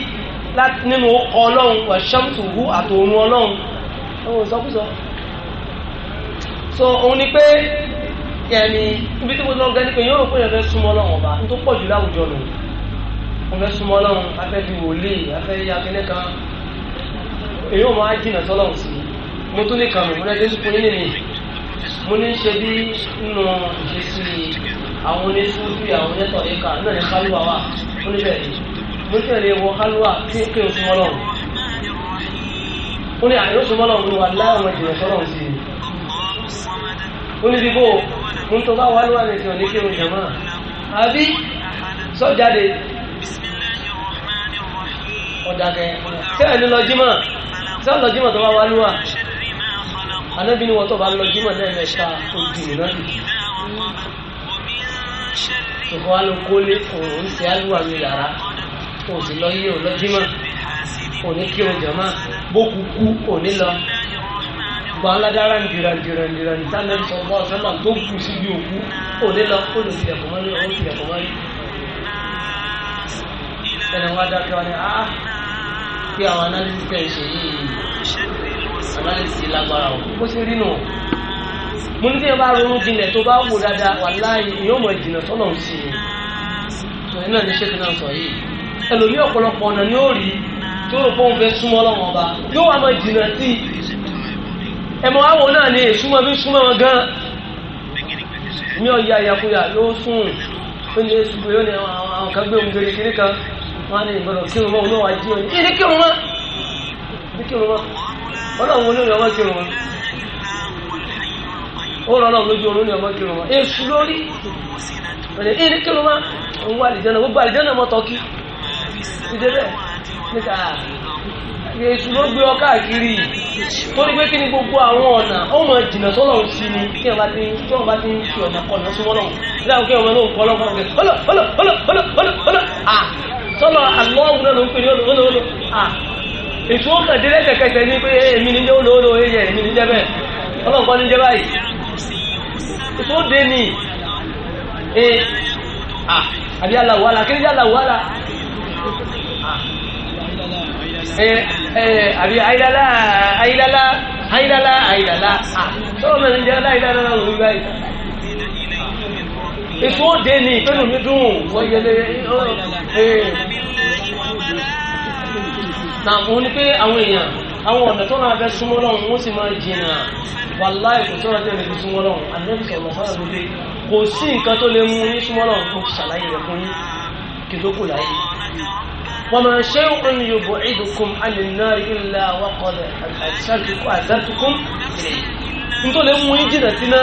[SPEAKER 2] nínú ọkọ̀ ọlọ́run wà ṣamsuhu àtòrun ọlọ́run ẹwọ ìsọkúsọ so òun ni pé yẹni ibi tí mo lọ gẹ́ ni pé yóò rò pé yẹn fẹ́ súnmọ́ ọlọ́run ọba tó pọ̀ jù láwùjọ nù wọn fẹ́ súnmọ́ ọlọ́run afẹ́ fi wòlíì afẹ́ ya kẹ́lẹ́ kan èyí ò máa jìnà sọ́lọ́run sí mo tún lè kàn mí mo lẹ́ mo ní ṣe bí nínú ìṣesí àwọn oníṣúfì àwọn onítọ̀ ìka náà ní kálúwà wà ó níbẹ̀ yìí mo tẹ̀lé wọ kálúwà tí kí n súnmọ́ lọ́rùn ó ní àyè ó súnmọ́ lọ́rùn wà láwọn ìjìnlẹ̀ sọ́rọ̀ sí i ó ní bíbó mo ń tó bá wà lúwà nìkan ní kí n jẹ̀mọ́ àbí sọ́jáde ọ̀dàgẹ̀ sẹ́ẹ̀ ní lọ jímọ̀ sẹ́ẹ̀ lọ jímọ̀ tó bá wà lúwà anábì ni wọ́n tó bá lọ jímọ̀ lẹ́ẹ̀mẹ́ta tó di ìrìnà lù ṣùgbọ́n wa ló kólé òun ti àlùwà mi yàrá òun sì lọ yíyọ lọ jímọ̀ òní kí o jọ̀mọ́ bókú kú òní lọ gbọ́n aládára ń dira dira dira níta náà sọ bọ́ ọ̀sán náà tó kù síbi òkú òní lọ ó lè tilẹ̀kùn mọ́lé òun tilẹ̀kùn mọ́lé ẹni wá dákẹ́ ni á kí àwọn analysis tẹ̀ ṣe yìí analysis lágbára o bó ṣe rí nù mo ní bí ẹ bá ronú jinlẹ̀ tó bá wò dáadáa wàláhì yóò mọ̀ ìjìnà tọ́nà ń ṣe ìwé náà ní ṣéèkì náà sọ yìí ẹlòmí ọ̀pọ̀lọpọ̀ ọ̀nà ni ó rí tí ó rò pé òun fẹ́ súnmọ́ Ọlọ́run ọba yóò wá mọ̀ ìjìnà sí ẹmọ àwọn náà ni èsúnmọ́ bí súnmọ́ wọn gan mi ò ya ìyàkuyà yóò sùn ó ní èsù pé ó ní àwọn kan gbé òun gèrè kiri kan wọn á ní ìgbọ́dọ̀ kí òun mọ́ òun náà wá jí òun ní kí òun mọ́ ọlọ́run olórí ọmọ kírun wọn ó rọ ọlọ́run lójú oorun ní ọmọ kírun wọn èṣù lórí ọ̀nà èyí ní kírun wọn òun wà lìjọ́nà gbogbo àlìjọ́nà mọ́ tọ́kí ìdẹ́bẹ̀ níta èṣù ló gbé ọ káàkiri tó pé kí ni gbogbo àwọn ọ̀nà ó mọ̀ jìnà sọ́lọ̀ sí ni kí ọba ti kí ọba ti ń fi ọ̀nà kọ̀nà sí wọ́lọ̀ láwọn kí ọmọ náà kọ́ lọ́kọ́ ọ̀gẹ̀ ọlọ́ ọlọ́ ọlọ́ ọlọ́ ọlọ́ ọlọ́ à sọ́lọ̀ àlọ́ ọ̀gbìn náà ló ń pè ní ọlọ́ ọlọ́ ọlọ́ à èso kàdé lẹ́sẹ̀kẹsẹ̀ ní pé eh, èmi ní jẹ́ olóòlò eh, ẹ̀yẹ èmi ní jẹ́ bẹ́ẹ̀ ọlọ́nkọ́ ní jẹ́ báyìí èso dé ní ẹ eh, àbí aláwọ̀lá kí ní jẹ́ aláwọ̀lá àbí àìlálá àìlálá àìlálá àìlálá tọ́wọ́ mẹ́rin jẹ́ aláìlálá lórí báyìí èso dé ní pẹ́lú mi dùn wọ́n yẹlé ẹ̀ na òun ni pé àwọn èèyàn àwọn ọ̀nà tó náà fẹ́ súnmọ́ lọ́hùn wọ́n sì máa jìnnà wàláì kò tó náà fẹ́ fi súnmọ́ lọ́hùn àdébí sọ̀rọ̀ sára ló dé kò sí nǹkan tó lè mú yín súnmọ́ lọ́hùn kò ṣàlàyé rẹ̀ fún yín kì tó kù láyé. wọ́n máa ṣe ń yòbò ìdùnkùn àlìná ilà wákọ̀lẹ̀ àtàtùkùn nítorí lè mú yín jìnnà sínú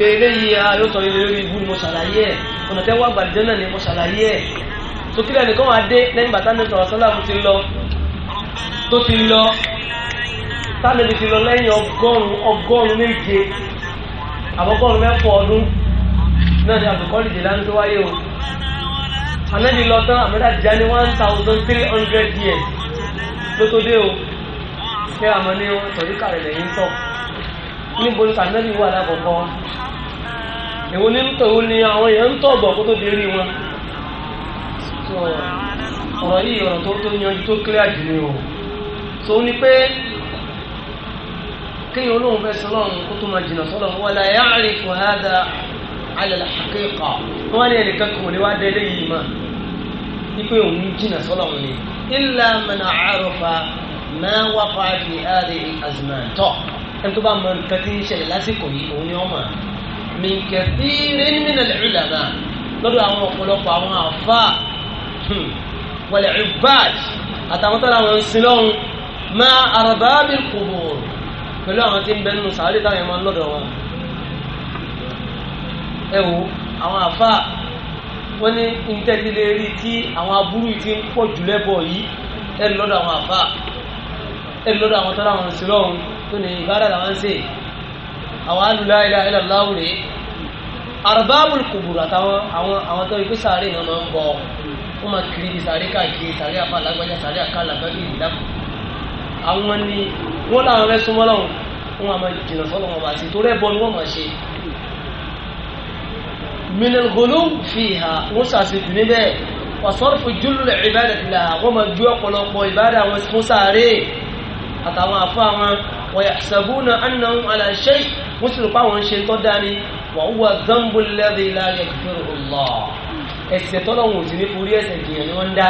[SPEAKER 2] pé eléyìí ayó tọ́ ilé lórí ibú ni mo ṣàlàyé ẹ̀ ọ̀nà tẹ́wọ́ àgbàdìjọ́ náà ni mo ṣàlàyé ẹ̀ tó kílẹ̀ nìkan wà dé lẹ́yìn bàtà ní sọ̀rọ̀ sọ́lá mo ti lọ tó ti lọ sálẹ̀lì ti lọ lẹ́yìn ọgọ́rùn-ún ọgọ́rùn-ún méje àbọ̀gọ́rùn-ún mẹ́fọ̀ ọdún náà ni àbùkọ́lì dè lánàá tó wáyé o ànábì lọ tán àmọ́dá jẹ́ ní one thousand three hundred years ló tó dé o ṣé àmọ́ ní tọ́jú kàrẹ̀ lẹ́yìn tọ̀ níbo ni tànẹ́bí wà lákòókò èwo ní ń tòun ni àwọn èèyàn ń tọ̀gbọ̀ kó tó dérí wọn ọ̀rọ̀ yìí ọ̀rọ̀ tó tó yanjú tó kílẹ̀ jù ni o tó ní pé kéèyàn olóhùn fẹ́ sọlọ́run kó tó máa jìnnà sọlọ́run wọn la ya'rifu hada ala al-haqiqa wọn ní ẹnìkan kò ní wá délé yìí mà ipe òun jìnnà sọlọ́run ni illa man arafa ma waqa fi hadhihi ẹni tó bá mọ nǹkan tí ń ṣẹlẹ̀ lásìkò yìí òun ni wọ́n mọ̀ min kathirin minal ulama lọ́dọ̀ àwọn ọ̀pọ̀lọpọ̀ àwọn àfa hmm, wal ibad àtàwọn tọ́lá wọn ń sin lọ́hùn ma arbabil qubur pẹ̀lú àwọn tí ń bẹ nínú sàárè táwọn ẹ̀mọ́ lọ́dọ̀ wọn. ẹ wo àwọn àfa wọn ní ìtẹ́tílérí tí àwọn aburú ti ń pọ̀ jù lẹ́bọ̀ yìí ẹ lọ́dọ̀ àwọn àfa ẹ lọ́dọ̀ àwọn tọ́lá wọn sin lọ́hùn tó ni ìbára làwọn ń ṣe àwọn alùlá ilá ilá láwù rèé arbabul kubur àtàwọn àwọn àwọn tó ikú sáré náà máa ń bọ wọn máa kiri di sáré káàkiri sáré àpá alágbájá sáré àká alágbájá ìdáàbò àwọn ni wọn làwọn fẹ́ súnmọ́ lọ́wọ́ wọn máa jìnnà sọ́lọ́ wọn si ṣe torí ẹbọ ni wọn máa ṣe minal ghuluw fiha wọn ṣàṣìkò níbẹ̀ wàsọ́rọ̀fù júlùlẹ̀ ìbádàtìlà wọn máa ju ọ̀pọ̀lọpọ̀ ìbádà wọn fún sáré àtàwọn àfọ wa yahsabuna annahum ala shay wọ́n sì rò pé àwọn ń ṣe tó dání wa huwa dhanbu alladhi la yaghfiruhu Allah ẹ̀ṣẹ̀ tọ́lọ́wọ̀n ò sì ní forí ẹ̀ṣẹ̀ jìyàn ni wọ́n ń dá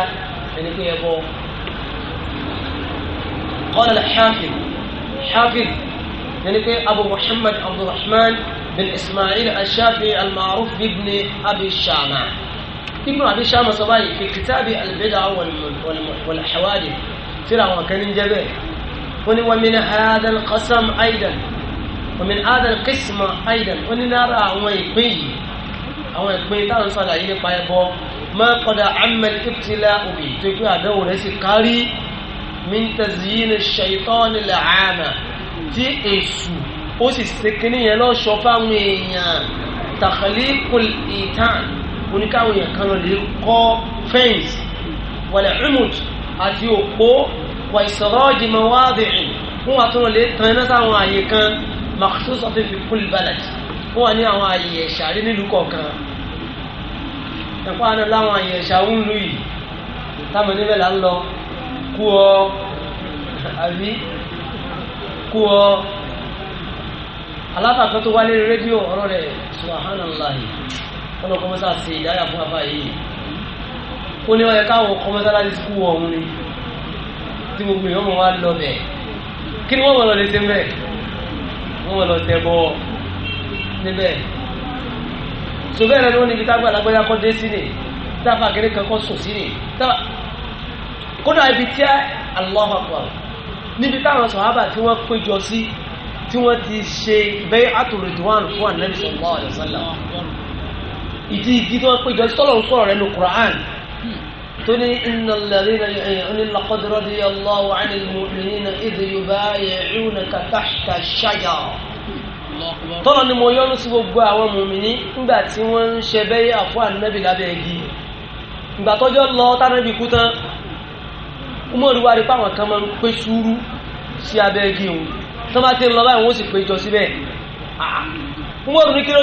[SPEAKER 2] ẹni pé ẹbọ
[SPEAKER 1] قال الحافظ
[SPEAKER 2] حافظ يعني أبو محمد عبد الرحمن بن إسماعيل الشافعي المعروف بابن أبي الشامع ابن أبي الشامع صباي في كتاب البدع والحوادث ترى وكان جبه وني ومن هذا القسم أيضا ومن هذا القسم أيضا وني نرى ويقي أو يقي تان صلى الله عليه ما قد عم الابتلاء به تقول هذا وليس قاري من تزيين الشيطان العامة تي إيسو ó sì ṣe kínní yẹn lọ sọ fáwọn èèyàn tàkàlíkùn ìtàn oníkàwọn èèyàn kan lọ lè kọ́ fẹ́ǹsì wà ìsọ̀rọ̀jì mọ̀wádìí fún wa tún lè tan iná sáwọn àyè kan makhsus ọ̀fẹ́ fi kúlì balad fún wa ní àwọn àyè ẹ̀ṣà rí nílùú kọ̀ọ̀kan ẹ̀kọ́ àná láwọn àyè ẹ̀ṣà ń lù yìí táwọn oníbẹ̀ là ń lọ kú ọ àbí kú ọ alábàkan tó wálé rédíò ọ̀rọ̀ rẹ̀ subhanallahi ọlọ́kọ́ mọ́sá sí ìdáyà fún abáyé ó ní ọ̀yẹ́ káwọn kọ́mọ́sá láti kú ọ̀hún ni tí gbogbo èèyàn mọ̀ wá lọ bẹ̀ kí ni wọ́n mọ̀ lọ lè ṣe ń bẹ̀ wọ́n mọ̀ lọ tẹ bọ́ níbẹ̀ so bẹ́ẹ̀ rẹ̀ ló níbi tágbà lágbájá kọ́ dé sí ni táfà kéré kan kọ́ sùn sí ni táfà kódà ibi tí Allahu Akbar níbi táwọn sọ̀hábà tí wọ́n péjọ sí tí wọ́n ti ṣe bay'atu ridwan fún Ànábì sallallahu alaihi wasallam ìdí ìdí tí wọ́n péjọ sí tọ́lọ̀ ń Qur'an تني إن الذين يعينون لقد رضي الله عن المؤمنين إذ يبايعونك تحت الشجرة tọ́lọ́ ni mo yọ́nú sí gbogbo àwọn mùmíní ńgbà tí wọ́n ń ṣe bẹ́yẹ́ àfọ́ ànábì lábẹ́ igi ìgbà tọ́jọ́ lọ tánábì umaru wa rí pé àwọn kan máa ń pé sùúrù sí abẹ́ igi òun tó bá ti ń lọ báyìí wọ́n sì péjọ síbẹ̀ ah, umaru ní kí ló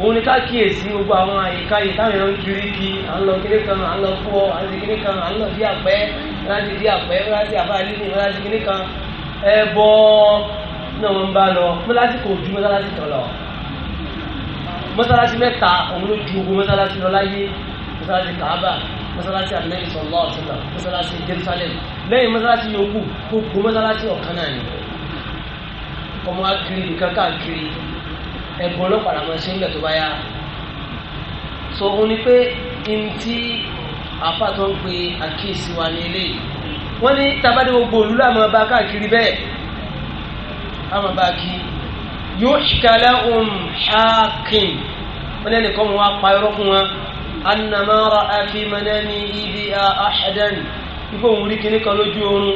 [SPEAKER 2] òun ni ká kíyèsí gbogbo àwọn àyíká yìí táwọn èèyàn ń kiri kí à ń lọ kíní kan à ń lọ fọ à ń lọ kíní kan à ń lọ bí àpẹ láti bí àpẹ láti àbá lílì láti kíní kan ẹ bọ náà wọn bá lọ mọ́sálásí kò ju mọ́sálásí kan lọ mọ́sálásí mẹ́ta òun ló ju ogun mọ́sálásí lọ láyé mọ́sálásí kàábà mọ́sálásí ànábì sallallahu alaihi wasallam lẹ́yìn mọ́sálásí yòókù gbogbo mọ́sálásí ọ̀kan náà ni ọmọ akiri nǹkan káàkiri ẹ̀bùn ọlọ́pàá làwọn ṣe ń gbẹ̀ tó bá yá so òun ni pé ntí àfa tó ń pe àkíyèsí wa ní ilé wọ́n ní tabadé gbogbo òlu làwọn bá káàkiri bẹ́ẹ̀ àwọn bá kí yóò ṣìkàlẹ̀ ohun ṣáàkìn wọ́n ní ẹnìkan wọn apá irọ́ fún wọn anamara afimani ibi ahadan ibo òun rí kíní kan lójú oorun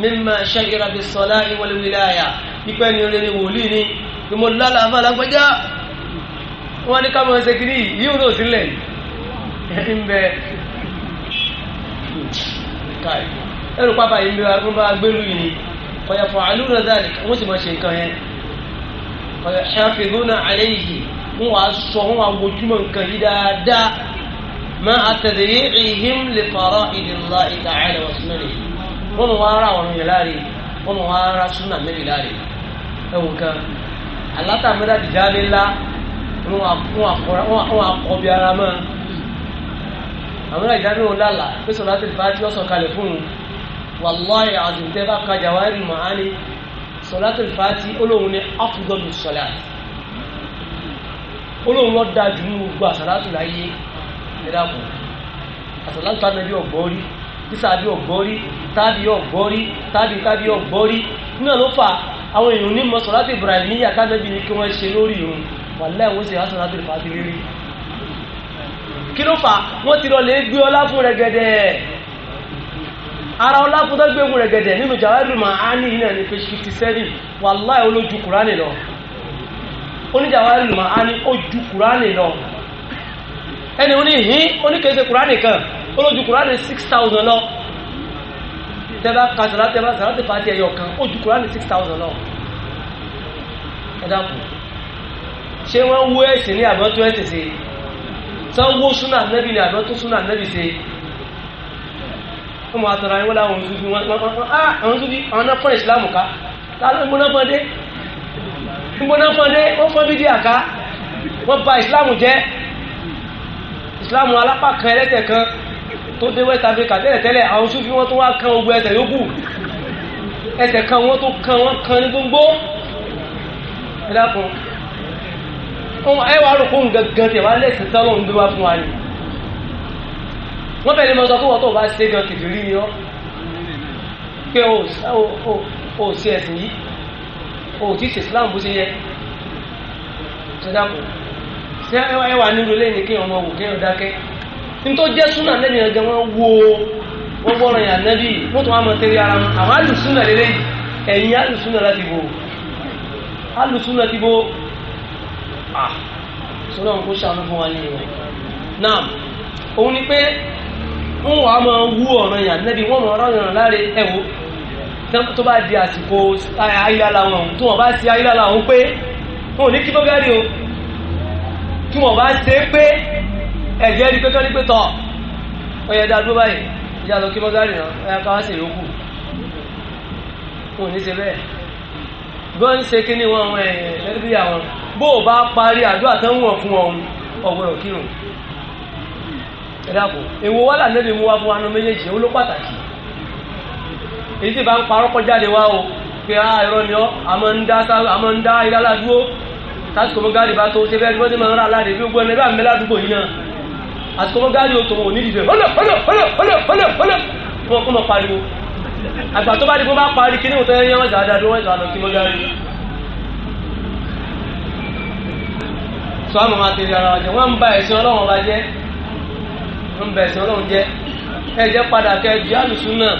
[SPEAKER 2] mímọ ṣẹ́gi rabi sọlá ìwọlé wíláyà ipa ẹni rẹ ni wòlíì ni tí mo lálà àmà lágbájá wọ́n ní káwọn ẹsẹ̀ kìíní yíò náà sílẹ̀ ẹni ń bẹ ẹrù pápá yìí ń bẹ wọn bá gbẹrù yìí ni ọ̀yà fún àlùrọ̀ dáàlì wọ́n sì máa ṣe nǹkan yẹn ọ̀yà ṣàfihàn àlẹ́ yìí wọ́n wàá sọ wọ́n wàá wojúmọ̀ nǹkan yìí dáadáa ma àtẹ̀dẹ̀yìhìm lè fara ìdìlá ìta àlẹ́ wọ́n súnmọ́ nìyí wọ́n mọ̀ ara ọ̀run yẹn láre wọ́n mọ̀ wá ara súnmọ́ mẹ́rin láre ẹ̀wọ̀n kan alátàmúdà dìjáde ńlá wọn àkọ́bí ara mọ́ àmúdà dìjáde wọn lálà pé sọ̀rọ̀ láti fà á tí wọ́n sọ̀ kalẹ̀ fún un wàláyé àzùntẹ́ bá ka jàwárí màání sọ̀rọ̀ fàtí olóhun ni afudọ́lù sọ̀lá olóhun lọ da jù ní gbogbo àsàlátù láyé nídàkùn àsàlátù tánàbí ọ̀gbọ́rí tísàbí ọ̀gbọ́rí tábí ọ̀gbọ́rí tábí tábí ọ̀gbọ́rí náà ló fà àwọn èèyàn ní mọ sọ̀rọ̀ àti ibrahim níyà ni kí wọ́n ṣe lórí òun wàlẹ́ àwọn ṣe wá sọ̀rọ̀ àti kí ló fà wọ́n ti lọ lè gbé ọlá fún rẹ̀gẹ̀dẹ̀ ara ọlá fún tó fún rẹ̀gẹ̀dẹ̀ nínú jàwáàdù màání náà ní page fifty seven wàláì olójú kùránì lọ oníjàwáàdù màání ojú kùránì lọ ẹni oníhìn oníkèéṣe kùránì kan olójú kùránì six thousand lọ tẹ́bá ka sọ̀rọ̀ tẹ́bá sọ̀rọ̀ tẹ́bá ti ẹ̀yọ̀ kan ó ju kúránì six thousand lọ. ẹ dákun ṣé wọ́n wú ẹ̀sìn ní àbọ̀ tó ẹ̀sìn ṣe sọ wó súnà nẹ́bí ní àbọ̀ tó súnà nẹ́bí ṣe wọ́n máa tọrọ àwọn àwọn Sufi wọn ah, àwọn Sufi àwọn náà fọ́n ìsìlámù ká lálẹ́ ìgbóná fọ́n dé ìgbóná fọ́n dé wọ́n fọ́n bídí àká wọ́n bà ìsìlámù jẹ́ ìsìlámù alápá kan ẹlẹ́tẹ̀ kan tó dé west africa tẹ́lẹ̀tẹ́lẹ̀ àwọn sufi wọn tó wá kan ogun ẹsẹ̀ yókù ẹsẹ̀ kan wọn tó kan wọn kan ní gbogbo ẹ dákun ẹ wàá rò fóun gangan tẹ̀ wá lẹ́sìn sọ́lọ́ ń gbé wá fún wa ni wọ́n bẹ̀rẹ̀ mọ́ sọ pé wọ́n tó bá ṣe gan kìfìrí ni ọ́ pé o ò sí ẹ̀sìn yìí o ò ṣe Islam bó ṣe yẹ ṣe dákun ṣe ẹwà nílò lẹ́yìn kí ọmọ wò kí ọ dákẹ́ nítorí jẹ́ súnà nẹ́bí ẹ̀gẹ́ wọ́n wo wọ́n gbọ́ràn yà nẹ́bí wọ́n tún wá mọ̀ tẹ́lẹ̀ ara wọn àwọn alùsúnà lélẹ́ ẹ̀yìn alùsúnà láti bò alùsúnà ti bò ah sọ́nà kó ṣàánú fún wa ní ìwọ̀n náà òun ni pé wọ́n wà á máa wú ọ̀ràn yà nẹ́bí wọ́n mọ̀ ọ̀ràn yàn láre ẹ̀wò tó bá di àsìkò ayélujára wọn tó wọn bá sí ayélujára wọn pé wọn ò ní kí bọ́gárì o tí wọn bá ṣe pé ẹ̀jẹ̀ rí pé kán ní pé tọ̀ ó yẹ dáadúró báyìí ìjà lọ kí mọ́gárì náà ó yà káwá sí ìyókù òun ní ṣe bẹ́ẹ̀ gbọ́n ń ṣe kíní wọn ẹ̀ lẹ́bí àwọn bó o bá parí àdúrà tán wọ̀n fún ọ̀hún ọ̀gbọ̀rọ̀ kírun ẹ̀dàpọ̀ èwo wà lànàbí mú wa fún anú méjèèjì ó ló pàtàkì èyí sì bá ń parọ́ kọjá de wá o pé á ah, ẹ̀rọ ni ọ́ àmọ́ ń dá ìdáládúró tásìkò mọ́gárì bá tó ṣe bẹ́ẹ̀ ni wọ́n ti máa ń rà aládé bí gbogbo ẹ̀ àsìkò mọ́ gáàrí oṣù wọn ò ní ìdìbò hólò hólò hólò hólò hólò hólò kí wọ́n kún mọ́ pariwo àgbà tó bá di kó bá parí kí ní òtọ́ yẹn wọ́n jáde àdó wọ́n jáde kí mọ́ gáàrí. sọ àmọ́ máa tẹ̀lé ara wa jẹ wọ́n ń ba ẹ̀sìn ọlọ́run wa jẹ́ ń ba ẹ̀sìn ọlọ́run jẹ́ ẹ jẹ́ padà kẹ́ di alùsùn náà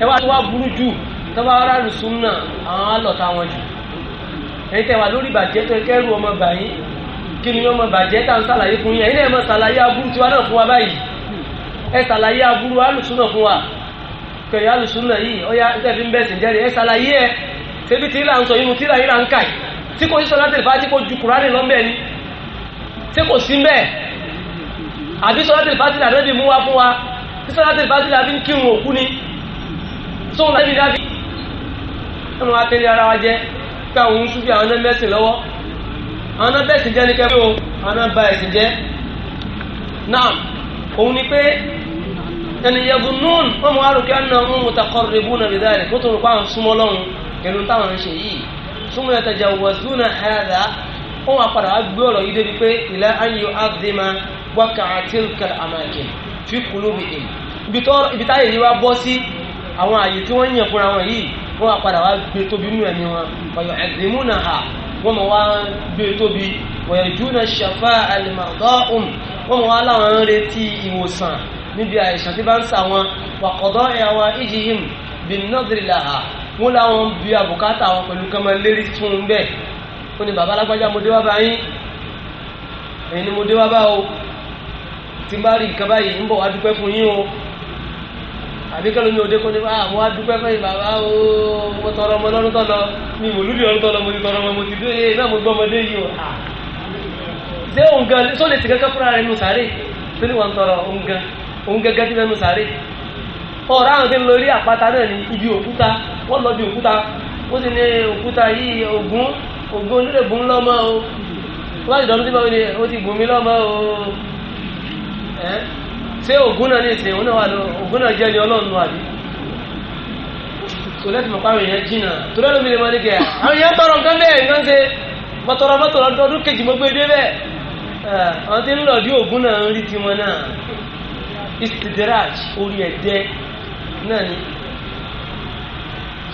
[SPEAKER 2] ẹ wá tó wá burú jù tó bá kí ni yóò mọ bàjẹ́ tá à ń sàlàyé fún yín ẹ̀yin náà mọ sàlàyé aburú tiwa náà fún wa báyìí ẹ sàlàyé aburú alùsùnà fún wa kẹ̀yìn alùsùnà yìí ọ̀ya ẹ̀ fi ń bẹ̀ sìn jẹ́rìí ẹ sàlàyé ẹ ṣebí tí ìlà ń sọ inú tí ìlà yìí là ń kà yìí tí kò sí sọ láti fà tí kò ju kùránì lọ́mbẹ̀ ni tí kò sí mbẹ́ àbí sọ láti fà á ti là lẹ́bi mú wa fún wa tí sọ láti fà á ti là ń kírun òkú ni sóhun láti dábì. ẹnu wa tẹ́lẹ̀ ara wa jẹ́ pé àwọn oṣù bí àwọn ẹ̀mẹ́sìn lọ́wọ́ àná bẹ́ẹ̀ sì jẹ́ ní kẹ́kẹ́ o àná ba ẹ̀sìn jẹ́ náà òun ni pé ẹni yẹbu nún wọn mú arúgbó ẹni náà wọn mọta kọ́ rẹ̀ bú náà lè dáa rẹ̀ kó tó rò pé àwọn súnmọ́ lọ́hùn pẹ̀lú táwọn ń ṣe yìí súnmọ́ yẹn tẹ̀jà wọ̀zú náà hẹ́ẹ́dá wọn wà padà wá gbé ọ̀rọ̀ yìí débi pé ìlà ayé azima wákà àtìlkà àmàkè fi kúló mi èyí ibi táyé yìí wá bọ́ sí àwọn àyè tí wọ́n yàn fúnra wọn yìí wọn wà padà wá gbé tóbi nú ẹ̀mí wọn ọ̀yọ̀ ẹ̀dínmú náà wọ́n mọ̀ wá gbé e tóbi wọ̀yẹ̀dúnà ṣàfà àlìmọ̀dọ́ òm wọ́n mọ̀ wá láwọn ń retí ìwòsàn níbi àìsàn tí bá ń sà wọn wàkọ̀dọ́ ẹ̀wà ìjìhìm bìnnọ́dìrìlàhà wọ́n láwọn bí àbùkátà wọn pẹ̀lú kọ́mọ lérí tún un bẹ́ẹ̀ ó ní bàbá alágbájá mo dé wá bá yín ẹ̀yin ni mo dé wá bá o tí n bá rí nǹkan báyìí ń bọ̀ wá dúpẹ́ fún yín o àbí kẹ́lọ́ mi ò dé kó ní báà ah, mo wá dúpẹ́ fẹ́yìn bàbá o mo tọrọ ọmọ lọ́dún tọ́ lọ mi mò lúbi ọdún tọ́ lọ mo ti tọrọ ọmọ mo ti dé ee eh, náà mo gbọ́ ọmọdé yìí o ṣé òun gan sọ lè ti kẹ́kẹ́ fúnra rẹ̀ nù sáré tó ní wọn tọrọ òun gan òun gẹ́gẹ́ ti mẹ́nu sáré ọ̀rọ̀ àwọn tí ń lọ rí àpáta náà ní ibi òkúta wọ́n lọ bí òkúta ó sì ní òkúta yìí ògún ògún onírègùn lọ́mọ lọ́mọ o ṣé ògùn náà ní ìsìn òun náà wà lọ ògùn náà jẹ́ ni ọlọ́run àbí tó lẹ́tìmọ̀ pàrọ̀ yẹn jìnnà tó lẹ́nu lè máa àwọn yẹn tọrọ nǹkan bẹ́ẹ̀ nǹkan ṣe mọ́tọrọ mọ́tọrọ ọdún kejì mo gbé e dé bẹ́ẹ̀ àwọn tí ń lọ dí ògùn náà ń rí tiwọn náà istidraj orí ẹ̀dẹ́ náà ni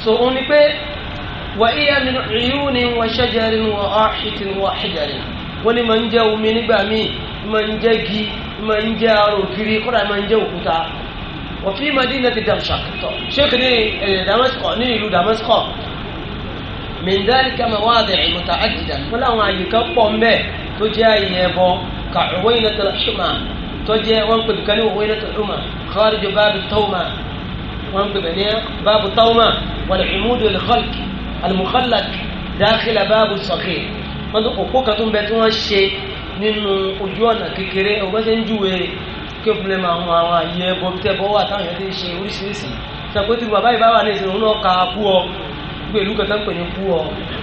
[SPEAKER 2] so òun ni pé wà íyá mi ìyú ni wà ṣẹ́jẹrin wà áhìtìn wọ́n ní máa ń jẹ́ omi nígbà míì máa ń jẹ́ gi máa ń jẹ́ aró kiri kódà máa ń jẹ́ òkúta òfin madina ti Damshaq tọ̀ sheikh ní Damascus ní ìlú Damascus min dhalika mawadi'i muta'addida wọ́n láwọn àyíká pọ̀ ń bẹ̀ tó jẹ́ àyè ẹ̀bọ ka Uwaynat al-Humma tó jẹ́ wọ́n pè kan ní Uwaynat al-Humma kharij bab wọ́n tún òpó kan tó ń bẹ tí wọ́n ṣe nínú ojú ọ̀nà kékeré ọgbọ́n ṣe ń júwe kí o fúnlẹ̀ máa ń àwọn àyè ẹbọ tẹ́ bọ́ wà táwọn èèyàn ti ń ṣe oríṣiríṣi sọpé tí bàbá yìí bá wà ní ìsìn òun náà ka kú ọ gbé ìlú kan tó ń pè ní kú ọ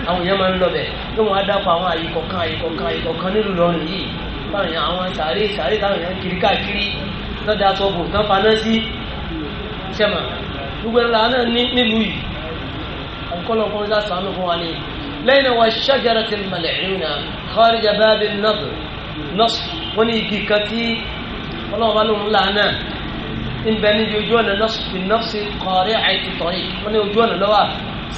[SPEAKER 2] àwọn èèyàn máa ń lọbẹ̀ yóò wọn á dápọ̀ àwọn àyè kọ̀ọ̀kan àyè kọ̀ọ̀kan àyè kọ̀ọ̀kan nílùú lọ́rùn yìí báwọn èèyàn àwọn sàárè sàárè táwọn èèyàn kiri káàkiri lọ́dà aṣọ bò tán paná sí sẹ́mà gbogbo ẹ̀rọ lẹ́yìn náà wọ́n ṣẹ́gẹ̀rẹ̀ tí mọ̀lẹ́rìnà kọ́rìjà bá bí nọ́ọ̀bù nọ́ọ̀sì wọ́n ní igi kan tí ọlọ́run bá lóun lánà ń bẹ níbi ojú ọ̀nà nọ́ọ̀sì nọ́ọ̀sì kọ́rẹ́ àìtú tọ́rí wọ́n ní ojú ọ̀nà lọ́wọ́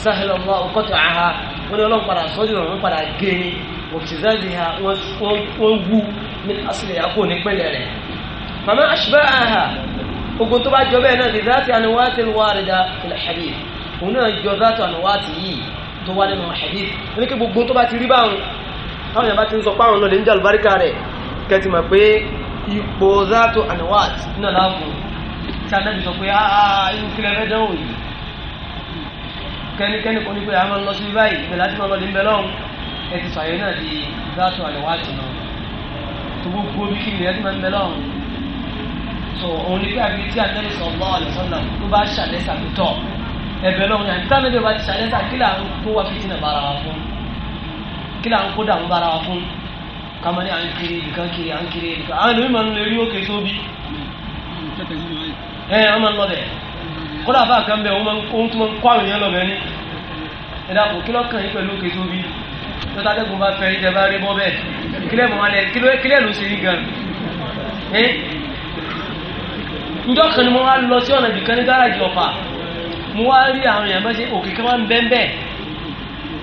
[SPEAKER 2] sáhìlọ́ ọ̀gbọ́n ọkọ̀tọ̀ àhá wọ́n ní ọlọ́run padà sọ́jú ọ̀run padà gé ni òkìtìzáàdì ha wọ́n wú ní asìlẹ̀ yàgò nípínlẹ̀ rẹ̀ màmá àṣìbá àhá ogun tó bá jọ bẹ́ẹ̀ náà ní dáàtì àníwáàtì wàrìdà ìlẹ̀ xàdí òun náà jọ dáàtì àníwáàtì yìí tó wá nínú hadith ní kí gbogbo tó bá ti rí báwọn àwọn èèyàn bá ti ń sọ páwọn náà lè ń jà lùbáríkà rẹ̀ kẹtì mọ̀ pé ipò zato anawat náà láàbù tí anábì sọ pé àà ah, ah, inú kílẹ̀ rẹ̀ dánwò yìí kẹ́nikẹ́ni kò ní pé àwọn lọ sí báyìí ìgbẹ́ láti máa lọ lè ń bẹ lọ́hùn ẹ ti sàyẹn náà di zato anawat náà tó gbogbo bí kí ilẹ̀ ti máa ń bẹ lọ́hùn so òun ni pé àbí tí anábì sọ lọ́ọ̀ ẹ̀bẹ̀ lọ́wọ́ yàn títà níbi ìwádìí ṣàlẹ́sà kí là ń kó wá fìtínà bára wa fún kí là ń kó dààmú bára wa fún kàmá ní à ń kiri nǹkan kiri à ń kiri nǹkan àwọn ènìyàn máa ń lè rí òkè tóbi. ẹ ẹ ọmọ ńlọ bẹ kódà fà kàn bẹ ohun tó máa ń kó àwọn èèyàn lọ bẹ ní ẹ dàpọ̀ kí lọ́kàn yín pẹ̀lú òkè tóbi lọ́tà dẹ́kun bá fẹ́ ìjẹba rí bọ́ bẹ́ẹ̀ kílẹ̀ mọ́ alẹ́ kílẹ̀ ló ṣe yí gan ẹ́ njọ́ kan ni mo wá lọ sí ọ̀nà ibìkan ní gáràjì ọ̀pá mo wá rí àwọn èèyàn mẹ́sẹ̀ òkè kí wọ́n ń bẹ́ ń bẹ́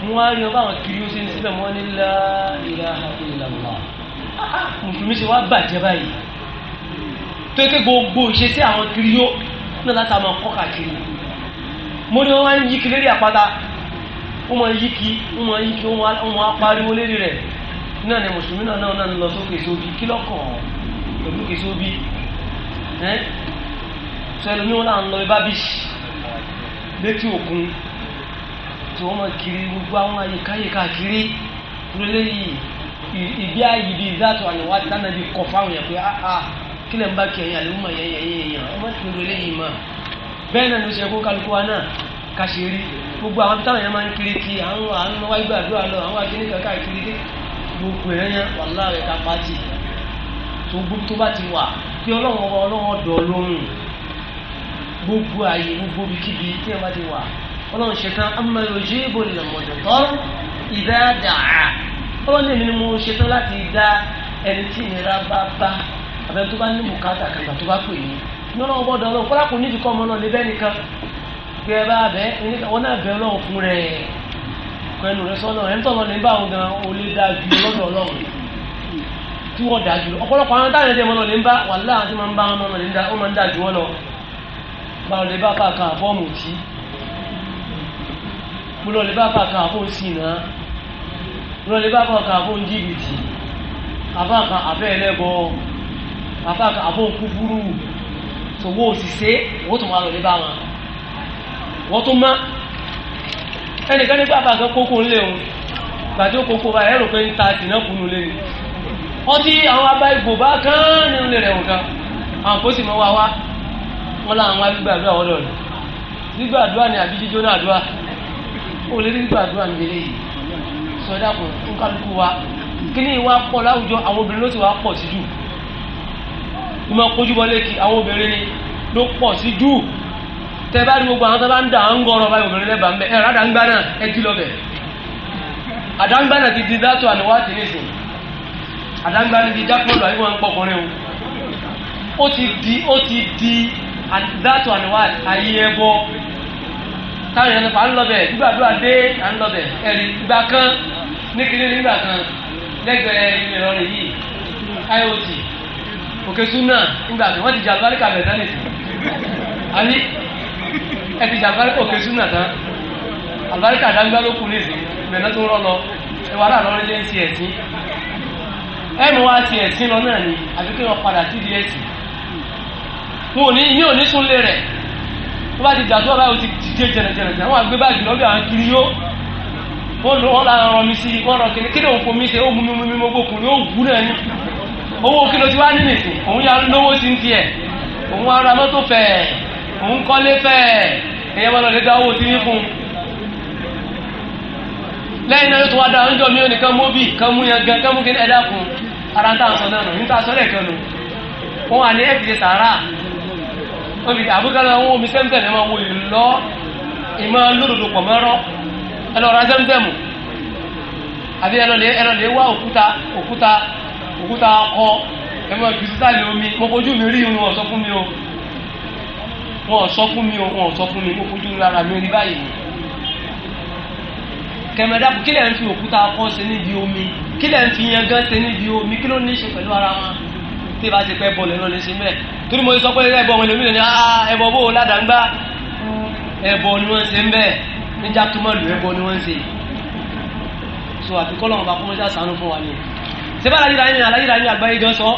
[SPEAKER 2] mo wá rí wọn báwọn kiri ó ṣe ń síbẹ̀ wọ́n ní la ilaha illallah mùsùlùmí ṣe wá bàjẹ́ báyìí tó ké gbogbo ṣe sí àwọn kiri yó náà láti àwọn kọ́ káàkiri mo ní wọn wá ń yí kiri lérí àpáta wọn máa yí kí wọn máa yí kí wọn máa pariwo lérí rẹ̀ náà ni mùsùlùmí náà náà náà lọ sókè sóbi kí lọ́kàn pẹ̀lú kì sóbi ẹ́ sọ ẹlòmíwọn náà ń lọ ibà bíṣì. létí òkun tí wọ́n máa kiri gbogbo àwọn àyíkáyè káàkiri lórí ibi ìdáàtọ̀ àyẹ̀wò àti lánàá bí kọ̀ fáwọn yẹn pé áá kí lè ń bá kí ẹ̀yìn àlùmọ̀ yẹn yẹn yẹn yẹn ọmọ tí lórí eléyìí mọ̀ bẹ́ẹ̀ náà ló ṣe kó kálukú wa náà ká ṣe rí gbogbo àwọn táwọn yẹn máa ń kiri kí àwọn àwọn wáyé gbàdúrà lọ àwọn akíní kankan kiri dé gbogbo yẹn yẹn ká pàtì tó gbogbo tó bá ti wà kí ọlọ́run ọlọ́run gbogbo ààyè gbogbo ibikíbi tí ẹ bá ti wà ọlọ́run ṣetán amma yujibu al-mudtar idha da'a ọlọ́run èmi ni mo ṣetán láti dá ẹni tí ìnira bá bá àbẹ tó bá ní bùkátà kàgbà tó bá pè mí ní ọlọ́run gbọ́dọ̀ ọlọ́run kọ́lá kò nídìí kọ́ ọmọ náà lébẹ́ nìkan pé ẹ bá bẹ́ wọn náà bẹ ọlọ́run fún rẹ̀ kẹnu rẹ sọ́nà ẹ̀ ń tọ̀nà ní gan o lè dá ju lọ́dọ̀ ọlọ́run tí wọ́n dá ju ọ̀pọ̀lọpọ̀ àwọn táwọn ẹ̀dẹ̀ mọ́nà ní bá wàhálà àti máa ń bá wọn mọ́nà ní dá ó máa dá ju wọn lọ bá lọ lè bá kàkan àfọ́ọ̀mù tí mo lọ lè bá kàkan àfọ́ọ̀ sí náà mo lọ lè bá kàkan àfọ́ọ̀ jìbìtì àbákan àfẹ́ ẹlẹ́bọ àbákan àfọ́ọ̀ kúkúrú tòwó òṣìṣẹ́ wọ́n tún máa lọ lè bá wọn wọ́n tún má ẹnìkan nígbà kàkan kókó ńlẹ̀ òun gbàdé kókó báyìí ẹ̀rọ pé ń ta tìǹkùnú lẹ́yìn ọtí àwọn abá ìgbò bá kán nínú ilẹ̀ rẹ̀ òun kan àwọn kò sì mọ́ wá wá wọn làwọn wá gbígbàdúrà wọn lọ́rùn gbígbàdúrà ni àbí jíjó náà dúrà ó lè rí gbígbàdúrà ní ilé yìí sọdá kò ń kálukú wa kíní wa pọ̀ láwùjọ àwọn obìnrin ló sì wá pọ̀ sí jù ní ma kojú bọ́ lẹ́kì àwọn obìnrin ló pọ̀ sí jù tẹ bá rí gbogbo àwọn tó bá ń dà ń gọrọ báyìí obìnrin lẹ́bàá ń bẹ ẹ̀rọ àdàǹgbá náà ẹ jí lọ bẹ̀ àdàǹgbá náà ti di dátọ̀ àníwá ti ní sùn àdàǹgbá ni ti jákòó lọ àyíkò wọn ń pọkùnrin o ó ti di ó ti di And àdáàtò àníwá ayé ẹbọ táwọn èèyàn nípa ńlọbẹ gbígbàdúrà dé à ń lọbẹ ẹrí ìgbà kan ní kiri nígbà kan lẹ́gbẹ̀ẹ́ ilẹ̀ Ìlọrin yìí iot òkè súnà nígbà kan wọn ti jà lóríkà bẹ́ẹ̀ tán nìkan àbí ẹ ti jà lóríkà òkè súnà tán àlùbáríkà dáńgbá ló kù nísìn ìbẹ̀nà tó rọ́ lọ ẹwà aláàrọ̀ ilé ń ti ẹ̀sìn ẹ mọ̀ wá ti ẹ̀sìn lọ náà ni àbí kí wọ́n padà sí di ẹ̀sìn wọn ò ní ìmí ò ní súnlé rẹ̀ wọ́n bá ti dà tó báyìí ti dìde jẹ̀rẹ̀jẹ̀rẹ̀ wọ́n àgbé báàgì lọ́dọ̀ kiri yó wọ́n lọ sí rọ kiri kí ni òun ó mú mi mú mi mú gbókùn ni ó wù náà ni owó kí ló ti wá ní nìsín òun yà lówó sí tiẹ̀ òun òun lọ lè owó ní fún un náà tó wá mú gan olè àbúkálà àwọn omi sẹ́mtẹ̀m ẹ̀ máa wò lè lọ ìmọ̀ lódodo pọ̀ mẹ́rọ́ ẹ lọ ra sẹ́mtẹ̀m àbí ẹ lọ lè ẹ lọ lè wá òkúta òkúta òkúta akọ ẹ máa fi sísàlẹ̀ omi mo fojú mi rí wọn sọ fún mi o wọn sọ fún mi o wọn sọ fún mi mo fojú rárá mi rí báyìí kẹmẹdàkù kílẹ̀ ń fi òkúta akọ ṣe níbi omi kílẹ̀ ń fi yangan ṣe níbi omi kí ló ní í ṣe pẹ̀lú ara wọn tí ìbá ti pẹ́ bọ̀ lẹ́nu ní sí mẹ́ẹ̀ torí mo sọ pé ẹbọ wọn lómi lẹ́nu ah, ah ẹbọ bó o ládàgbà ẹbọ ni wọ́n ń ṣe ń bẹ́ẹ̀ níjà tó mọ̀ lù ẹbọ ni wọ́n ń ṣe so àti kọ́ lọ́wọ́n bá kọ́ mọ́ṣá sànú fún wa ni ṣé bá aláyíra yín aláyíra yín àgbáyé jọ sọ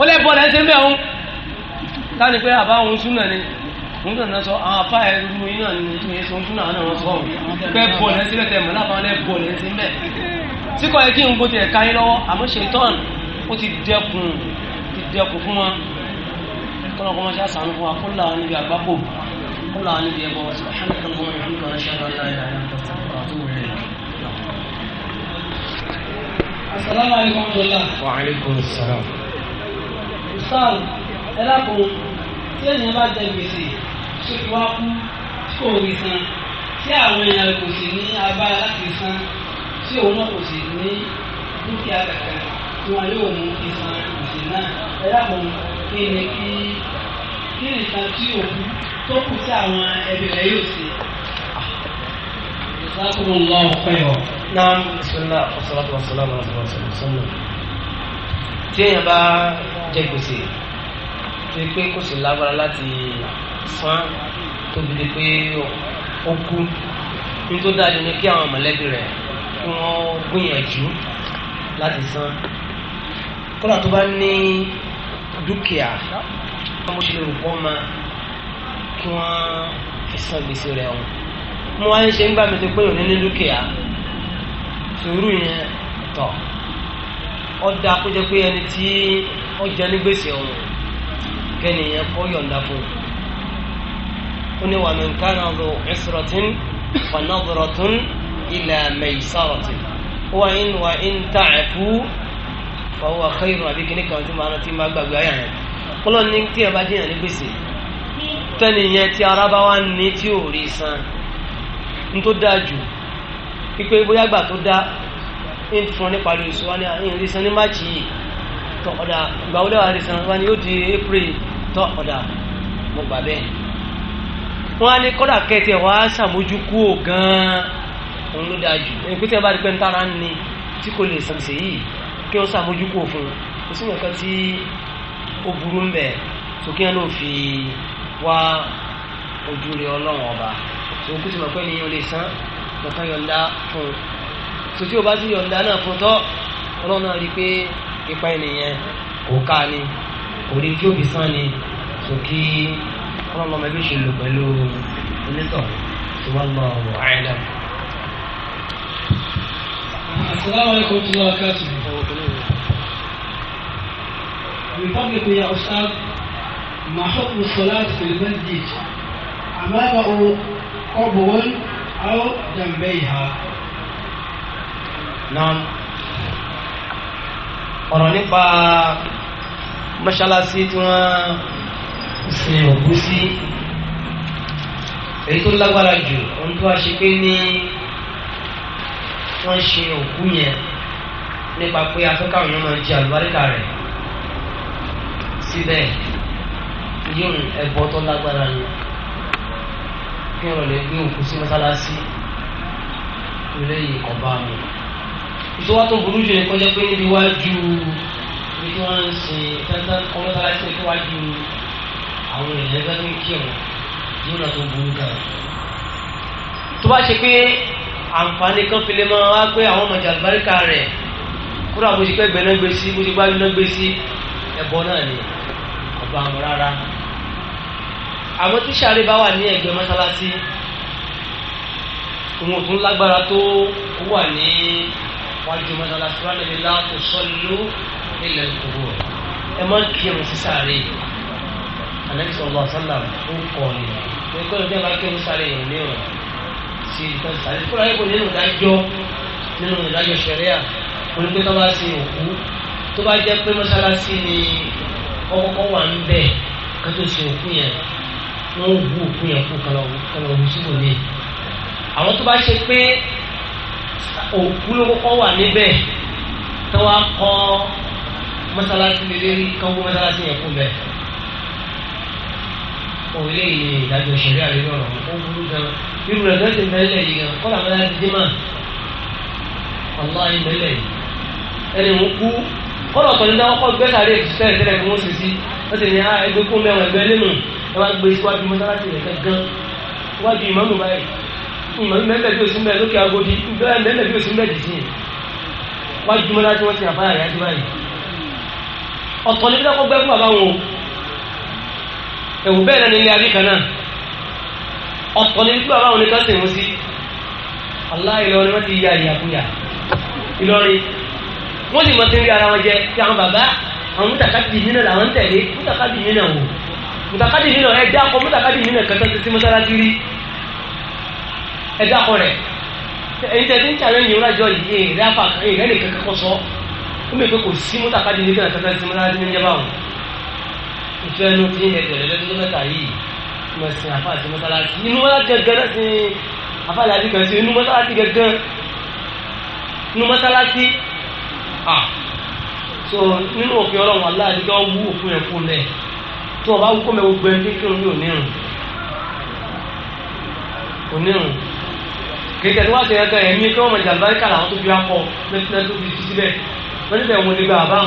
[SPEAKER 2] ó lẹ́ bọ́ lẹ́ ń ṣe ń bẹ́ẹ̀ òun láti pé àbá òun sún náà ni òun kàn náà sọ àwọn afá ẹrú inú yín náà ni ìtumọ̀ yẹn sọ òun sún náà wọn sọ òun pẹ́ bọ̀ lẹ́ ń ṣe bẹ́ẹ̀ tẹ̀ ó ti dẹ́kun ti dẹ́kun fún wọn kọ́nà kọ́mọ ṣe àṣà fún wa kó là wọn níbi àgbákò kó là wọn níbi ẹbọ
[SPEAKER 1] Assalamu alaikum wa rahmatullah. Wa alaikum assalam. Ustaz, ẹ lákòó, tí ènìyàn bá jẹ gbèsè, ṣé kí wá kú kó o rí san? tí àwọn èèyàn kò sì ní abá láti san tí òun náà kò sì ní dúkìá kankan tí wọn yóò mú ìsàn ìsìn náà ẹ dàpọ̀ kí ni kí kí ni nǹkan tí òkú tó kù sí àwọn ẹbí rẹ yóò ṣe. ìsákùnrin ńlá ọ̀pẹ́ ọ̀.
[SPEAKER 2] náà bisimilá ọ̀sọ́látò ọ̀sọ́látò ọ̀sọ́látò ọ̀sọ́látò tí èèyàn bá jẹ gbèsè tó yẹ pé kò sí lágbára láti san tóbi di pé ó kú ní dájú ni kí àwọn mọ̀lẹ́bí rẹ̀ kí wọ́n gbìyànjú láti san kọ́lá tó bá ní dúkìá mo ṣe rò bọ́ ma kí wọ́n fi san gbèsè rẹ̀ ọ̀hún mo wá ń ṣe nígbà mi tó pé òní ní dúkìá sùúrù yẹn tọ̀ ọ̀dà kó jẹ́ pé ẹni tí ó jẹ ní gbèsè ọ̀hún kẹ́niyàn kọ́ yọ̀ǹda fún un ó ní wà mí nǹkan ẹ̀sọ̀rọ̀tìn wà náà dọ̀rọ̀tún ila maysaratin ń wà ń tààfù fọwọ́ kẹ́yìnrún àbí kíní kan tí máa rántí máa gbàgbé ayà rẹ̀ kọ́lọ́ ní tí ẹ bá díyàn ní gbèsè tẹ́ni yẹn tí ara bá wá ní tí ò rí san n tó dáa jù pípé bóyá gbà tó dá ń fún ní parí oṣù wa ní àyìn rí san ní máàcì yìí tọ́ ọ̀dà ìgbà wọlé wa rí san wa ni yóò di april tọ́ ọ̀dà mo gbà bẹ́ẹ̀ wọ́n á ní kọ́dà kẹ́tì ẹ̀ wá ṣàmójúkú ò gan-an òun ló dáa jù èpè tí ẹ bá rí pé ń ni tí kò lè san ṣèyí kí wọ́n sàmójúkò fún kò sí nǹkan tí ó burú ń bẹ̀ tó kí wọ́n náà fi wá ojú rẹ ọlọ́run ọba tó kú sí mọ̀ pé ní o lè san nǹkan yọ̀ǹda fún un tó tí o bá ti yọ̀ǹda náà fún tọ́ ọlọ́run náà rí i pé ipa ènìyàn kò ká ni kò rí kí òbí san ni tó kí ọlọ́run ọmọ ẹgbẹ́ ṣe lò pẹ̀lú onítọ̀ tó
[SPEAKER 1] wà lọ́wọ́ àìlẹ́mù. Assalamualaikum warahmatullahi wabarakatuh. من فضلك يا أستاذ ما حكم الصلاة في المسجد أمامه قبو أو جنبيها نعم ọ̀rọ̀ nípa mọ́ṣáláṣí tí wọ́n
[SPEAKER 2] sin òkú sí èyí tó wọ́n ṣe òkú yẹn nípa pé afẹ́ká òyìn máa jẹ àlùbáríkà rẹ̀ síbẹ̀ yóò ẹ̀bọ tó lágbára ni kí wọ́n lè gbé òkú sí mọ́sálásí lẹ́yìn ọba mi. ìṣòwò tó burú jù ní kọjá pé níbi wájú bí wọ́n ń ṣe tẹ́tẹ́ kọ́mọ́sálásí níbi wájú àwọn èèyàn ẹgbẹ́ tó ń kírun yóò lọ tó burú gan. tó bá ṣe pé àǹfààní kan fi lè máa wá pé àwọn ọmọ jàǹbáríkà rẹ̀ kúrò àbójú pé gbẹ̀nà gbé sí bójú gbá yúná gbé sí ẹ̀bọ náà ni ọba àwọn rárá. àwọn tí sáré bá wà ní ẹ̀gbẹ́ mọ́sálásí òun ò tún lágbára tó wà ní wájú mọ́sálásí wọn lè láàtò sọ́lú ilẹ̀ ìkòwò ẹ má kírun sí sáré àlẹ́ sọ̀rọ̀ àṣálà ó kọ̀ ni ẹgbẹ́ ìjọba kírun sáré ìrìn ní ìrìn ṣe ìtàn sáré kó láyé kó nínú ìdájọ́ nínú ìdájọ́ ṣẹ̀ríà wọn pé tó bá ṣe òkú tó bá jẹ́ pé mọ́ṣáláṣí ni kọ́kọ́kọ́ wà ń bẹ̀ ká tó ṣe òkú yẹn wọ́n wú òkú yẹn kú kọ́lọ́ òkú síbò ní. àwọn tó bá ṣe o òkú ló kọ́kọ́ wà níbẹ̀ tó wá kọ́ mọ́ṣáláṣí lélẹ́rí kán wú mọ́ṣáláṣí yẹn kú bẹ́ẹ̀ òun lè yẹ ìdájọ́ ṣẹ̀rí àlórí ọ̀rọ̀ ó burú gan irú rẹ̀ lọ́sì mẹ́lẹ̀ yìí gan kọ́lá mẹ́lẹ̀ ti dín mà ọ̀láyé mẹ́lẹ̀ yìí ẹni mú kú kọ́lá ọ̀tọ̀ ní dáwọ́kọ́ gbẹ́sàárẹ̀ fẹ́ẹ̀ tẹ́lẹ̀ fún oṣù sí wọ́n ti ní ah, ẹgbẹ́ kó mẹ́wọ̀n ẹgbẹ́ nínú ẹ wá gbé síwájú mọ́sálásí rẹ̀ gan wájú ìmọ̀mù báyìí ìmọ̀mù mẹ́lẹ̀ bí ẹ̀wù bẹ́ẹ̀ náà nílé abí kan náà ọ̀tọ̀ ní pé bàbá àwọn oníkan sì mú sí aláìlọ ni wọ́n ti ya ìyàkúyà Ìlọrin wọ́n sì mọ sí rí ara wọn jẹ tí àwọn bàbá àwọn mútàkàdì nínú làwọn ń tẹ̀lé mútàkàdì nínú wò mútàkàdì nínú ẹ dákọ mútàkàdì nínú kẹtọ ti sí mọ́sálásí rí ẹ dákọ rẹ̀ ẹni tẹ́ ti ń tàlẹ́ ìyẹn rájọ yìí èrè afa èrè nìkan kọ́kọ́ sọ ó mẹ́fẹ́ kò sí mútàkàdì nínú kẹtọ ti sí mọ́sálásí ní ìjẹba wọn ìfẹ́ inú tí ẹgbẹ̀rẹ̀ lẹ́nu tó mẹ́ta yìí mọ̀ sí àfa àti mọ́sálásí inú mọ́sálásí gẹ́gẹ́ náà sí àfa àti kan sí inú mọ́sálásí gẹ́gẹ́ inú mọ́sálásí à so nínú òfin ọlọ́run aláàdé kí wọ́n wú òfin ẹ̀ fún lẹ̀ tó o bá wú kọ́mẹ́ gbogbo ẹni kí ló ń bí onírun onírun kìí tẹ̀síwá ṣe ẹ̀ka ẹ̀mí kí wọ́n mọ̀ jàǹbáríkà làwọn tó fi tó fi síbẹ̀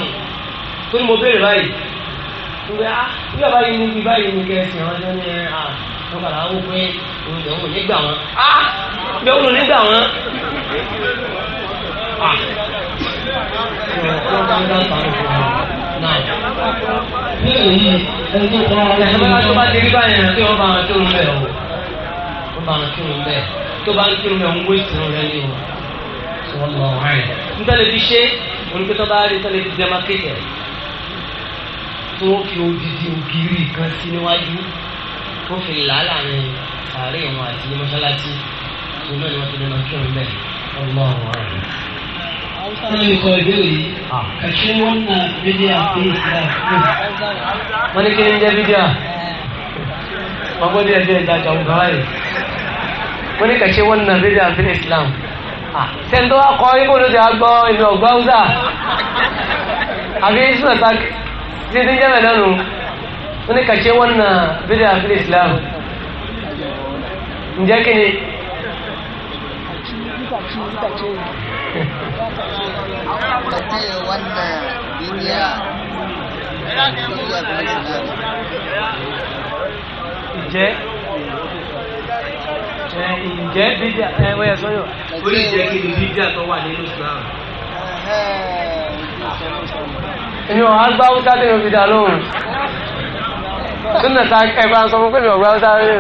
[SPEAKER 2] ìgbà ah, bí bàbá yìí níbi báyìí ní kẹsì àwọn ẹjọ́ ní ẹ ah, à wọ́n kàrà wọ́n pé òun ìdánwò nígbà ah, wọn á
[SPEAKER 3] bẹ́ẹ̀ wọ́n nígbà wọn. Ìjọba
[SPEAKER 2] tó bá ti rí báyìí náà tí wọ́n bá wọn tó ń bẹ̀ Wọ́n bá wọn tó ń Tó bá ń tó ń ń wé ìtàn rẹ ní o.
[SPEAKER 1] wọ́n lọ ọ̀hán.
[SPEAKER 2] Nítorí fi ṣe, olùkọ́ bá rí tó fi dẹ́mákétẹ̀ tó fi odidi ògiri kan sí níwájú tó fi làálà ní sàárè wọn àti mọ́ṣáláṣí tó náà ni wọ́n ti lè máa kírun bẹ́ẹ̀ ọlọ́run ọ̀rọ̀. Wọ́n lè kọ ìbéèrè yìí. Ah. Ẹ̀ṣẹ́ wọn na bídíà ah. sí ìsìlá. Wọ́n ní kí ni jẹ́ bídíà? Eh. Wọ́n gbọ́dọ̀ ẹ̀jẹ̀ ìdájọ́ ọ̀gá rẹ̀. Wọ́n ní kẹ̀ṣẹ́ wọn na bídíà sí ìsìlá. Sẹ́ńtọ́ akọ ikú ló ti àgbọ̀ ìlú ọ̀gbọ́n Hausa.
[SPEAKER 3] Àbí Sùnàtà
[SPEAKER 2] tí tí ń jẹ́ mẹ́lẹ́nu wọ́n ní kàṣẹ wọn na bídẹ́ àfílẹ̀ islam
[SPEAKER 1] ǹjẹ́ kí ni. ǹjẹ́ ǹjẹ́ bídẹ́ ẹ̀ wọ́n yẹ sọ́yọ̀. ó lè jẹ́ kí ni bídẹ́ àtọ́wà nínú islam
[SPEAKER 3] èèyàn
[SPEAKER 1] á
[SPEAKER 2] gbá haúsá lè fi dá lóhùn súnà tá ẹ bá ń sọ fún pé mi ò gbá haúsá lè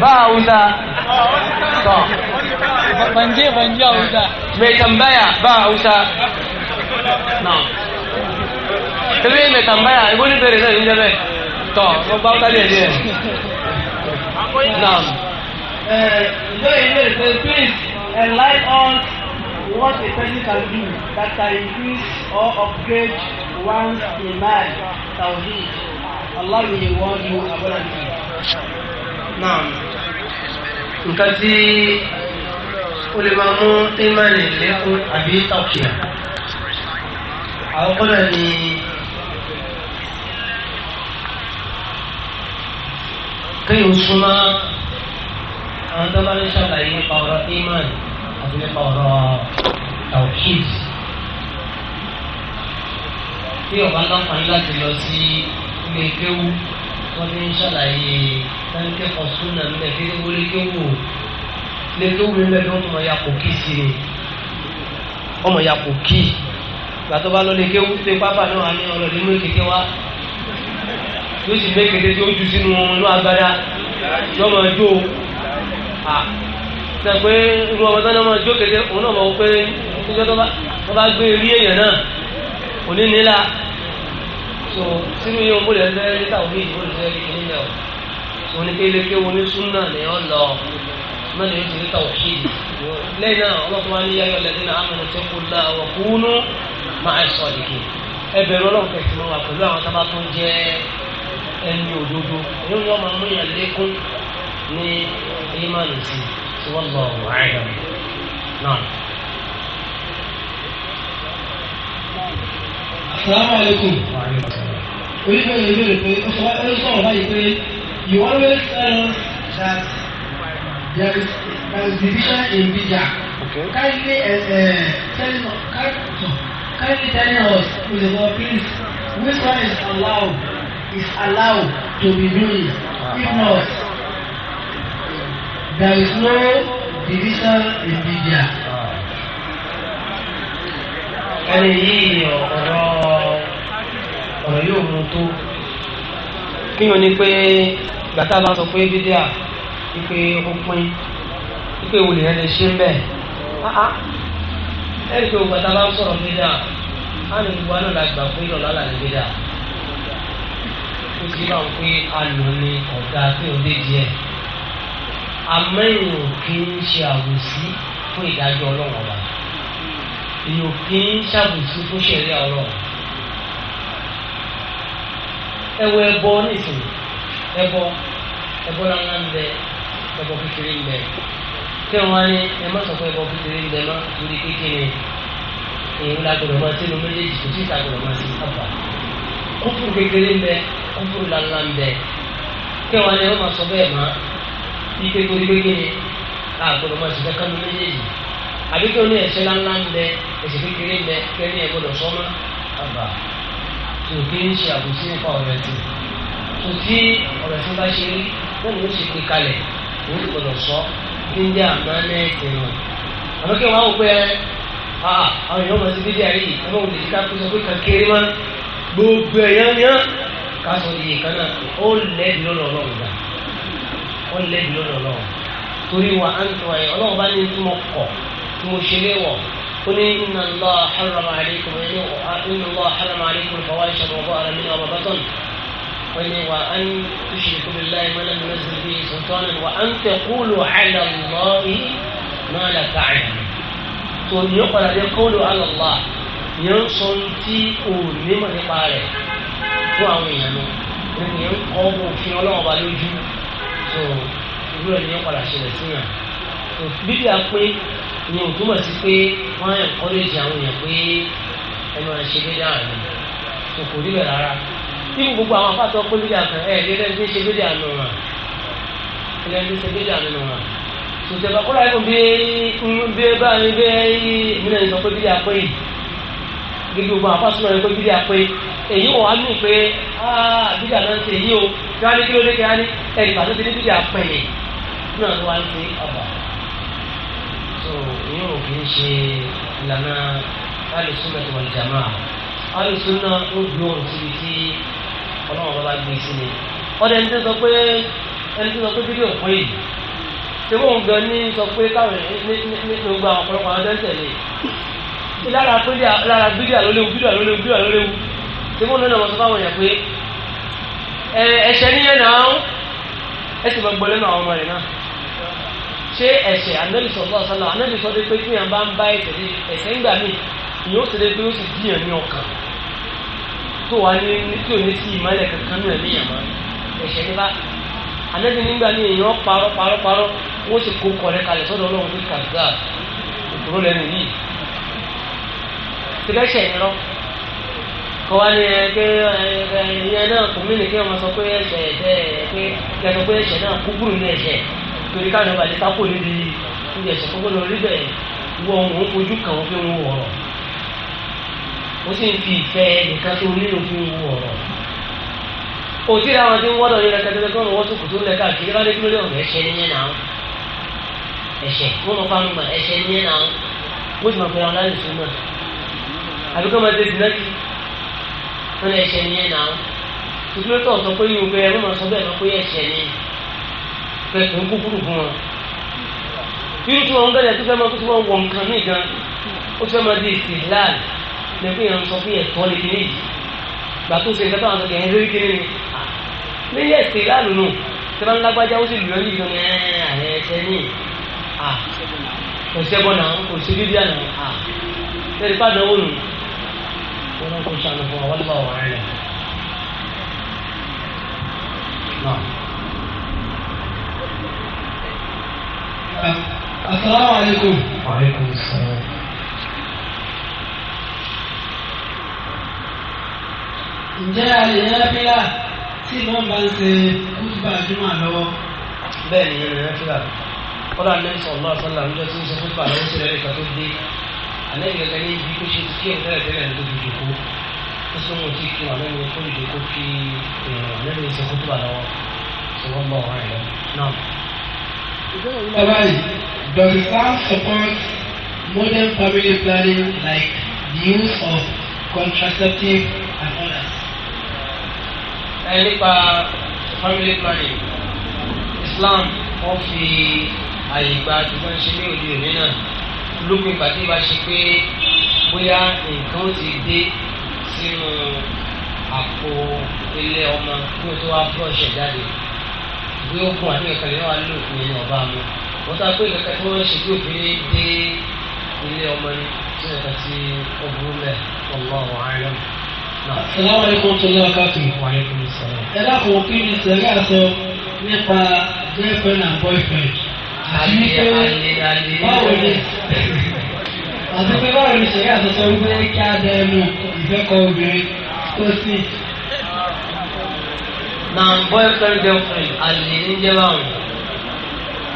[SPEAKER 2] bá haúsá tọ. banje banje haúsá. mai tambaya ba haúsá. ilé mai tambaya ìbú ní bèrè náà níjẹ́
[SPEAKER 1] bẹ́ẹ̀ tọ mo bá haúsá lè díẹ̀. Now, uh, very, very, please enlighten us what a person can do that can increase or upgrade one's iman tawhid Allah will reward you abundantly.
[SPEAKER 2] naam nǹkan tí ó lè máa mú imani lẹ́kùn àbí tawhid
[SPEAKER 1] àwọn kọ́nà ni.
[SPEAKER 2] kéèyàn súnmọ́ àwọn tó bá ń ṣàlàyé nípa ọ̀rọ̀ imani àti nípa ọ̀rọ̀ tawhid bí ọba láǹfààní láti lọ sí ilé kéwú wọn ti ń ṣàlàyé tánkẹ́kọ̀ọ́ súnà nílẹ̀ kí wọ́n lé kéwú lé kéwú nílẹ̀ kí wọ́n mọ̀ ya kò kí sí ni wọ́n mọ̀ ya kò kí gbàtọ́ bá lọ lé kéwú pé pápá náà á ní ọlọ́dún mú kékeré wá yóò sì sọ pé irú ọmọ tó ní ọmọ ìjó kéde òun náà mọ̀ wọ́n pé níjọ́ tó bá gbé rí èèyàn náà kò ní nílà so sínú yìí òun bó lè fẹ́ rí táwọn yìí bó lè fẹ́ rí kíní mẹ́wọ̀ so ní kéle ké wọn ní súnà ní ọ lọ náà lè rí táwọn ṣì lẹ́yìn náà ọlọ́kùnrin wa ní yáyọ̀ lẹ́dí náà àmọ̀ tó kú la wọ̀ kúnú máa sọ̀ nìkì ẹ bẹ̀rù ọlọ́run kẹsì
[SPEAKER 1] والله أعلم نعم السلام عليكم وعليكم السلام You always tell us that there is, there division in Bija. Okay. Kindly, uh, uh, tell, kindly tell us, with the Lord, please, which one is allowed, is allowed to be doing, ah. if not, There is no division in media.
[SPEAKER 2] Ẹni yìí ọ̀rọ̀ ọ̀rọ̀ yóò mú tó. Kí o ní pé gbàtà bá sọ pé bídíà wípé ó pín wípé wo lè rẹ ṣe ń bẹ̀. Ẹni tó gbàtà bá sọ̀rọ̀ bídíà á ní gbogbo àná la gbà pé ìrọ̀lá là ní bídíà. Ó ti bá wọn pé alò ní ọ̀gá pé ó dé díẹ̀ amẹ́yìn òkè ń ṣe àwòsí fún ìdájọ́ ọlọ́wọ́ wa èyí òkè ń ṣàbòsí fún ṣẹ̀rí ọlọ́wọ́ ẹwọ ẹbọ nísìnyí ẹbọ ẹbọ lánàá ń bẹ ẹbọ kékeré ń bẹ tí wọn ní ẹ má sọ pé ẹbọ kékeré ń bẹ má lórí kékeré èyí wọn lágbọ́dọ̀ máa sínú méjèèjì kò sí ìtàgbọ́dọ̀ máa sí káfà kófù kékeré ń bẹ kófù lánàá ń bẹ tí wọn ní ẹ má sọ bẹ́ẹ̀ má ike torí pé kí ni àgbọ̀dọ̀ máa ṣiṣẹ́ kánú méjèèjì àbí kí o ní ẹ̀ṣẹ̀ ńláńlá ń bẹ ẹ̀ṣẹ̀ kékeré ń bẹ kẹ́ni ẹ̀ gbọ́dọ̀ sọ́mọ́
[SPEAKER 1] àbà tó kí ń ṣe àbòsí nípa ọ̀rọ̀ ẹ̀sìn
[SPEAKER 2] tó tí ọ̀rọ̀ ẹ̀sìn bá ṣe rí wọ́n ní ó ṣe pé kalẹ̀ òun ti gbọ́dọ̀ sọ kí ń jẹ́ àmọ́ ẹ̀ tẹ̀wọ̀ àmọ́ kí wọ́n á wò pé àwọn èèyàn máa ti dídí ayé yìí ẹ̀mọ́ òde ká pé sọ pé kankéré má gbogbo ẹ̀yán yán ká sọ kan náà ó lẹ́ẹ̀dì lọ́nà ó lẹ́bi lọ́dọ̀ ọlọ́run torí wa á ń tọ́ ẹ ọlọ́run bá ní tí mo kọ̀ tí mo ṣe léwọ̀ ó ní inna Allah harrama alaykum ẹ̀ ní inna Allah harrama alaykum al-fawahisha ma dhahara minha wa ma batan ó ní wa an tushriku billahi ma lam yunzil bihi sultanan wa an taqulu ala Allahi ma la ta'lamun tó ní ó padà dé qawlu ala Allah yẹn ń sọ tí ò ní mọ̀ nípa rẹ̀ fún àwọn èèyàn náà ó ní kọ́ òfin ọlọ́run lójú tó irú ẹ̀ ní padà ṣẹlẹ̀ sí yàn bíbí à pé ni ò túmọ̀ sí pé wọ́n ẹ̀ kọ́lẹ́jì àwọn èèyàn pé ẹ máa ṣe dédé àná tó kò rí bẹ̀ rárá tí gbogbo àwọn afáàtọ̀ pé bíbí àkàn ẹ̀ lé lẹ́ni tí ń ṣe dédé àná rà lẹ́ni tí ń ṣe dédé àná rà tòtẹ̀bà kó láyé kó bí bí bá mi bí ìmúlẹ̀ ìsọ pé bíbí à pé yìí gẹ́gẹ́ gbogbo àwọn fásitì rẹ̀ pé bídíà pé èyí wọ̀ á nù pé ah, bídíà náà ń ṣe èyí o kí wọ́n á ní kí ló dé kí wọ́n á ní ẹnì pàtó ti ní bídíà pẹ̀ yìí náà ló wá ń ṣe ọ̀bà. so èyí ò kì í ṣe ìlànà alùsùnà tó wà jàmá alùsùnà ó gbé ohun síbi tí ọlọ́wọ́n bá gbé sí ni ọ̀dẹ̀ ẹni tó sọ pé ẹni tó sọ pé bídíà òpó yìí ṣé wọ́n gan ní sọ pé káwọn ní gbogbo àwọn ọ̀pọ̀lọpọ̀ lára bídíà lára bídíà ló léwu bídíà ló léwu bídíà ló léwu tí mo nínú ọmọdé báwọn yàn pé ẹ̀ṣẹ̀ níyẹn náà ẹ sì máa gbọ́ lẹ́nu ọmọ rẹ̀ náà ṣé ẹ̀ṣẹ̀ Ànábì sallallahu alaihi wasallam Ànábì de pé kí yàn bá ń bá ẹ̀ṣẹ̀ ní ẹ̀ṣẹ̀ ńgbà míì ìyóò ṣe de pé ó sì díyàn ní ọkàn tó wà ní tí ò ní ìmọ̀lẹ̀ kankan náà níyàn máa ẹ̀ṣẹ̀ ní bá nígbà míì èèyàn parọ́ parọ́ parọ́ wọ́n sì kó kọ̀ọ̀rẹ́ lẹ́sẹ̀ yẹn lọ kọ́ wá ní ẹgbẹ́ eh, ẹ̀yẹ eh, eh, náà kò mí nìkan ọmọ sọ pé ẹ̀ṣẹ̀ ẹ̀ṣẹ̀ pé lẹ́nu pé ẹ̀ṣẹ̀ náà kúkúrú ní ẹ̀ṣẹ̀ torí káàdùn bàjẹ́ sápò níbi níbi ẹ̀ṣẹ̀ kókó lọ rí bẹ́ẹ̀ wọ òun ojú kan fi ń wọ ọ̀rọ̀ sì ń fi ìfẹ́ nìkan tó ní
[SPEAKER 1] òfin wọ ọ̀rọ̀
[SPEAKER 2] òtí àwọn tí ń wọ́dọ̀ ní rẹ̀kẹ́tẹ́ kọ́ wọ́n tó kù tó lẹ̀ káàkiri bá dé ló lé ọ̀rọ̀ ẹ̀ṣẹ̀ níyẹn àbí kọ́ máa ṣe dùnà kí wọ́n lè ṣe nìyẹn náà ìdúró tó sọ pé yóò bẹ́ẹ̀ wọ́n máa sọ bẹ́ẹ̀ lọ pé ẹ̀ṣẹ̀ ni pé kò ń kúkúrú fún wọn. irú tí wọn gẹ́lẹ́ tó fẹ́ máa tó wọn wọ nǹkan ní ìgan ó fẹ́ máa di ìsìláàlì lẹ́kọ̀ọ́ yẹn sọ pé ẹ̀tọ́ ni kìíní yìí gbà tó ṣe nǹkan tó àwọn kẹ̀kẹ́ lórí kìíní ni lẹ́yìn ìsìláàlì nù tẹ́lá ńlágbájá ó sì lù ọ́ ní ìgan ẹ̀ẹ́sẹ̀ ní
[SPEAKER 1] wọn náà kó sànù fún wa wọn náà wà áyà náà. Assalamu alaikum. Wa alaikum assalam. Ǹjẹ́ a lè yẹn fílà tí ìmọ̀ bá ń ṣe kútùbà jùmọ̀ lọ́wọ́? Bẹ́ẹ̀ ni yẹn lè Kọ́lá ní sọ̀rọ̀ lọ́sọ̀lá ń jẹ́ tí ń ṣe kútùbà lọ́wọ́ sí ẹ̀rí kan dé àlẹ́yìn ẹ̀ka ní ibi tó ṣe
[SPEAKER 2] kí ẹ̀ tẹ́lẹ̀ tẹ́lẹ̀ ní tóbi ìdòkó ó sọ wọn ti kí àlẹ́yìn ẹ̀kọ́ ìdòkó kí àlẹ́yìn ẹ̀sẹ̀ kó tó wà lọ́wọ́ tí wọ́n bọ̀ wọ́n rẹ̀ náà.
[SPEAKER 1] Bye-bye. Does Islam support modern family planning like the use of contraceptive and others?
[SPEAKER 2] Ẹ nípa family planning, Islam ó fi àyè gba àdúgbò ní òde òní náà lópin ìgbà tí ìbá ṣe pé bóyá nǹkan ó ti dé sínú àpò ilé ọmọ kí o tó wá fún ọ̀ṣẹ̀ jáde bí ó kún àti ìkàlẹ̀ náà wà lóògùn nínú ọba mi wọ́n sá pé ìkàkẹ́ tí wọ́n ṣe bí òfin dé ilé ọmọ ni tí wọ́n kà sí ọ̀bùrú
[SPEAKER 1] mẹ́ Allahu a'lam. Assalamu alaikum tó lọ́wọ́ káàtó. Wa alaikum assalam. Ẹ dákun kí ni sẹ́rí àṣẹ nípa girlfriend and boyfriend àbí pé báwo ni àti
[SPEAKER 3] pé báwo ni ṣẹ̀yà
[SPEAKER 1] sọ̀tọ̀ wípé kí á dẹ ẹnu ìfẹ́kọ̀ obìnrin tó sì.
[SPEAKER 2] na boyfriend girlfriend àlè ń jẹ́ báwọn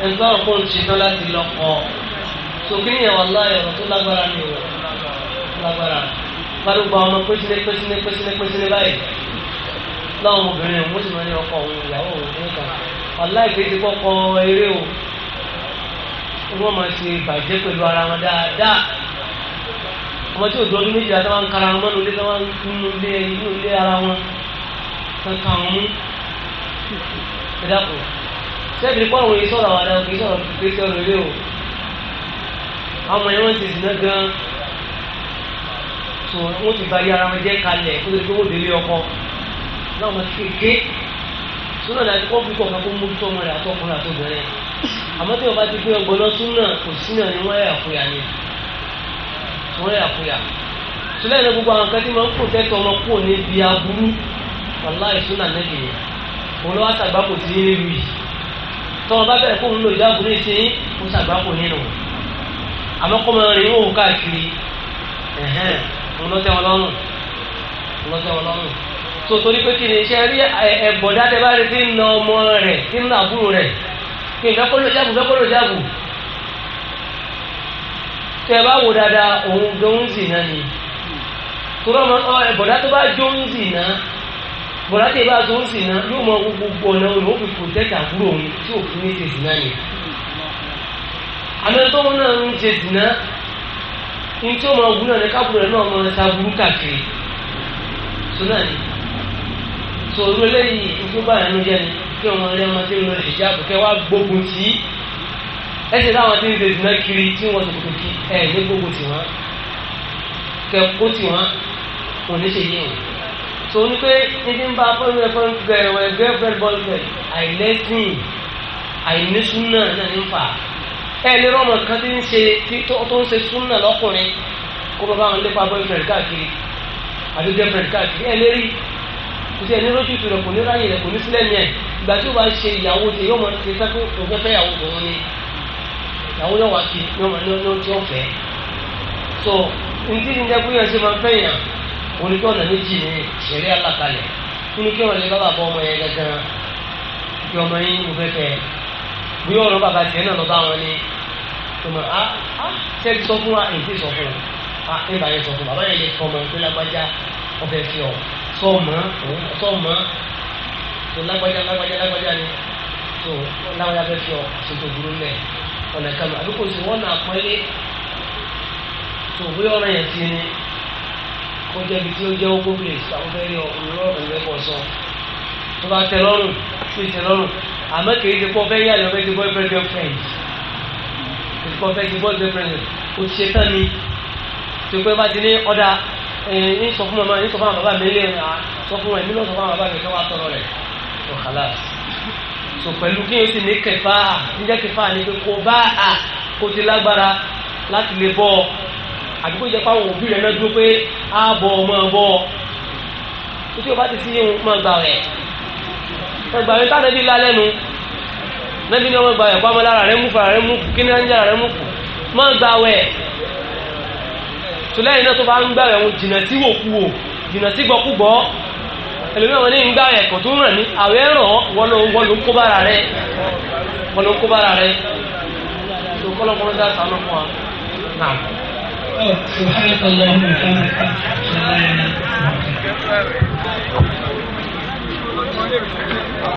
[SPEAKER 2] ẹgbẹ́ ọ̀pọ̀ ń ṣetán láti lọ́kọ sókè yẹn wà láàyè ọ̀rọ̀ tó lágbára ni o lágbára gbadugba ọmọ pésìlẹ pésìlẹ pésìlẹ pésìlẹ báyìí láwọn obìnrin ọ̀hún ó sì máa ní ọkọ òun ìyàwó òun ní ìta wà láì pé ti kọ́kọ́ eré o tí wọ́n máa ṣe bàjẹ́ pẹ̀lú ara wọn dáadáa ọmọ tí òjò ọdún méjìlá tó máa ń kara wọn mọ́nu ilé tó máa ń nínú ilé inú ilé ara wọn kankan wọn mú ẹ dákun sẹ́ẹ̀dì kọ́ àwọn ìṣọ̀rọ̀ àwọn adáwọn kìí sọ̀rọ̀ kìí sọ̀rọ̀ ilé o àwọn ọmọ yẹn wọ́n ti sìnà gan tó wọ́n ti bá yí ara wọn jẹ́ kalẹ̀ kó tó di pé wọ́n délé ọkọ láwọn kéèké súnà láti kọ́ fún kọ̀ọ̀kan kó mú tó wọn rẹ̀ àtọkùnrin àtọbìnrin àmọ́ tí wọ́n bá ti pé ọgbọ́n lọ súnà kò súnà ni wọ́n yà kúyà ni wọ́n yà kúyà súnà ní gbogbo àwọn kẹ́tí máa ń kó tẹ́tọ̀ ọmọ kó níbi aburú wàláì súnà nẹ́bì yẹn òun lọ́wọ́ àtàgbákò ti ń rí yìí tọ́wọ́n bá bẹ̀rẹ̀ kóun lò ìdáàbòrò ìsìn kó sàgbákò nínú àmọ́ kọ́ máa rìn òun káàkiri ẹ̀hẹ́n òun lọ́rùn lọ́tẹ́ lọ́rùn so torí pé kí ni iṣẹ́ rí ẹ̀bọ̀dá tẹ bá rí sí na ọmọ rẹ̀ sí na àbúrò rẹ̀ kí n fẹ́kọ́ ló jáàbù fẹ́kọ́ ló jáàbù tẹ bá wò dáadáa òun gan ń zìnà ni torí ọmọ ẹ̀bọ̀dá tó bá jó ń zìnà bọ̀dá tẹ bá jó ń zìnà yóò mọ gbogbo ọ̀nà òun ó fi protect àbúrò òun tí òfin ní ti zìnà ni àmì tó wọn náà ń ṣe zìnà ní tí ó mọ ogun náà ní kábùrò náà mọ ẹ̀ta burú káàkiri sòrò eléyìí tó bá yẹn ló jẹ ni kí ọmọ rẹ ọmọ tí ń lọ ìjáàbù kẹ wá gbógun tì í ẹsẹ táwọn tí ń ṣe ìdùnnà kiri tí wọn tòkòtò kí ẹ ní gbógun tì wọn kẹ kó tì wọn kò ní ṣe yé wọn. sọ ní pé níbi ń bá fún ẹ fún gẹrẹwẹ gẹrẹfẹrẹ bọlú bẹ àìlẹsìn àìnísúnà náà ní fà ẹ ní rọmọ kan tí ń ṣe tó ń ṣe súnà lọkùnrin kó bá bá wọn lépa bọlú bẹ káàkiri àbí gẹrẹfẹrẹ káàkiri ẹ lérí ìdí ẹni lójú ìfìrọ̀ kò ní ráyè rẹ̀ kò ní sílẹ̀ ní ẹ̀ ìgbà tí ó bá ṣe ìyàwó tẹ yóò mọ ṣe fẹ́ pé òun fẹ́ fẹ́ ìyàwó tòun ni ìyàwó yóò wá kí yóò mọ ní ojú ọ̀fẹ́ so ntí ní jẹ́ kúnyẹ̀ ṣe máa fẹ́ yàn òun ni kí ọ̀nà méjì ní ìṣẹ̀lẹ̀ alákalẹ̀ kí ni kí ọ̀nà lè bábà bọ́ ọmọ yẹn gangan kí ọmọ yín mo fẹ́ fẹ́ bí ọ̀rọ̀ bàbá tiẹ̀ náà lọ bá wọn ni ọmọ a ah, ah, ṣẹ́bi sọ fún wa èyí ti sọ fún wa a ah, ẹ bá yẹn sọ fún bàbá yẹn lè fọmọ ìpínlẹ̀ agbájá ọbẹ̀ fi ọ̀ sọ́ọ̀mọ́ sọ́ọ̀mọ́ tó lágbájá lágbájá lágbájá ni tó lágbájá fẹ́ fi àṣetò burú lẹ̀ ọ̀nà kanu àbí kò sí wọ́n náà pẹ́lẹ́ tó bóyá ọ̀rọ̀ yẹn ti ni kó jẹ́bi tí ó jẹ́ ó gbóbi àwọn fẹ́ rí ọ̀rọ̀ ìrẹ́pọ̀ sọ tó bá tẹ lọ́rùn tó tẹ lọ́rùn àmọ́ kìí ti kọ́ fẹ́ yá lọ́fẹ́ ti boyfriend girlfriend kìí kọ́ fẹ́ ti boyfriend girlfriend o ti ṣe tán ni tó pé bá ti ní ọ̀dà ń sọ fún mama ń sọ fún àwọn bàbá mi lé ń sọ fún ẹ̀mí náà sọ fún àwọn bàbá mi kí wọ́n tọrọ rẹ̀ tó kàlá so pẹ̀lú kí n sì ní kẹfà níjẹ́ kẹfà ni pé kò bá a kò ti lágbára láti lè bọ́ ọ àdúgbò ìjẹ́pá àwọn òbí rẹ̀ náà dúró pé á bọ̀ ọ máa bọ̀ ọ títí o bá ti sí yín máa gbà rẹ̀ ẹgbà rẹ̀ táwọn ẹbí la lẹ́nu lẹ́bí ni wọ́n gbà rẹ̀ pamọ́ lára rẹ̀ mú fara rẹ̀ mú kí ni wọ́n ń jà mú kù máa gbà wẹ̀ sùlẹ́yìn náà tó bá ń gbà ẹ̀wọ̀n jìnà sí wòkúwò jìnà sí gbọ́kúgbọ́ ẹlòmíràn wọn ní ń gbà ẹ̀kọ́ tó ràn ní àwẹ̀ ràn wọn ló ń kó bára rẹ wọn
[SPEAKER 3] ló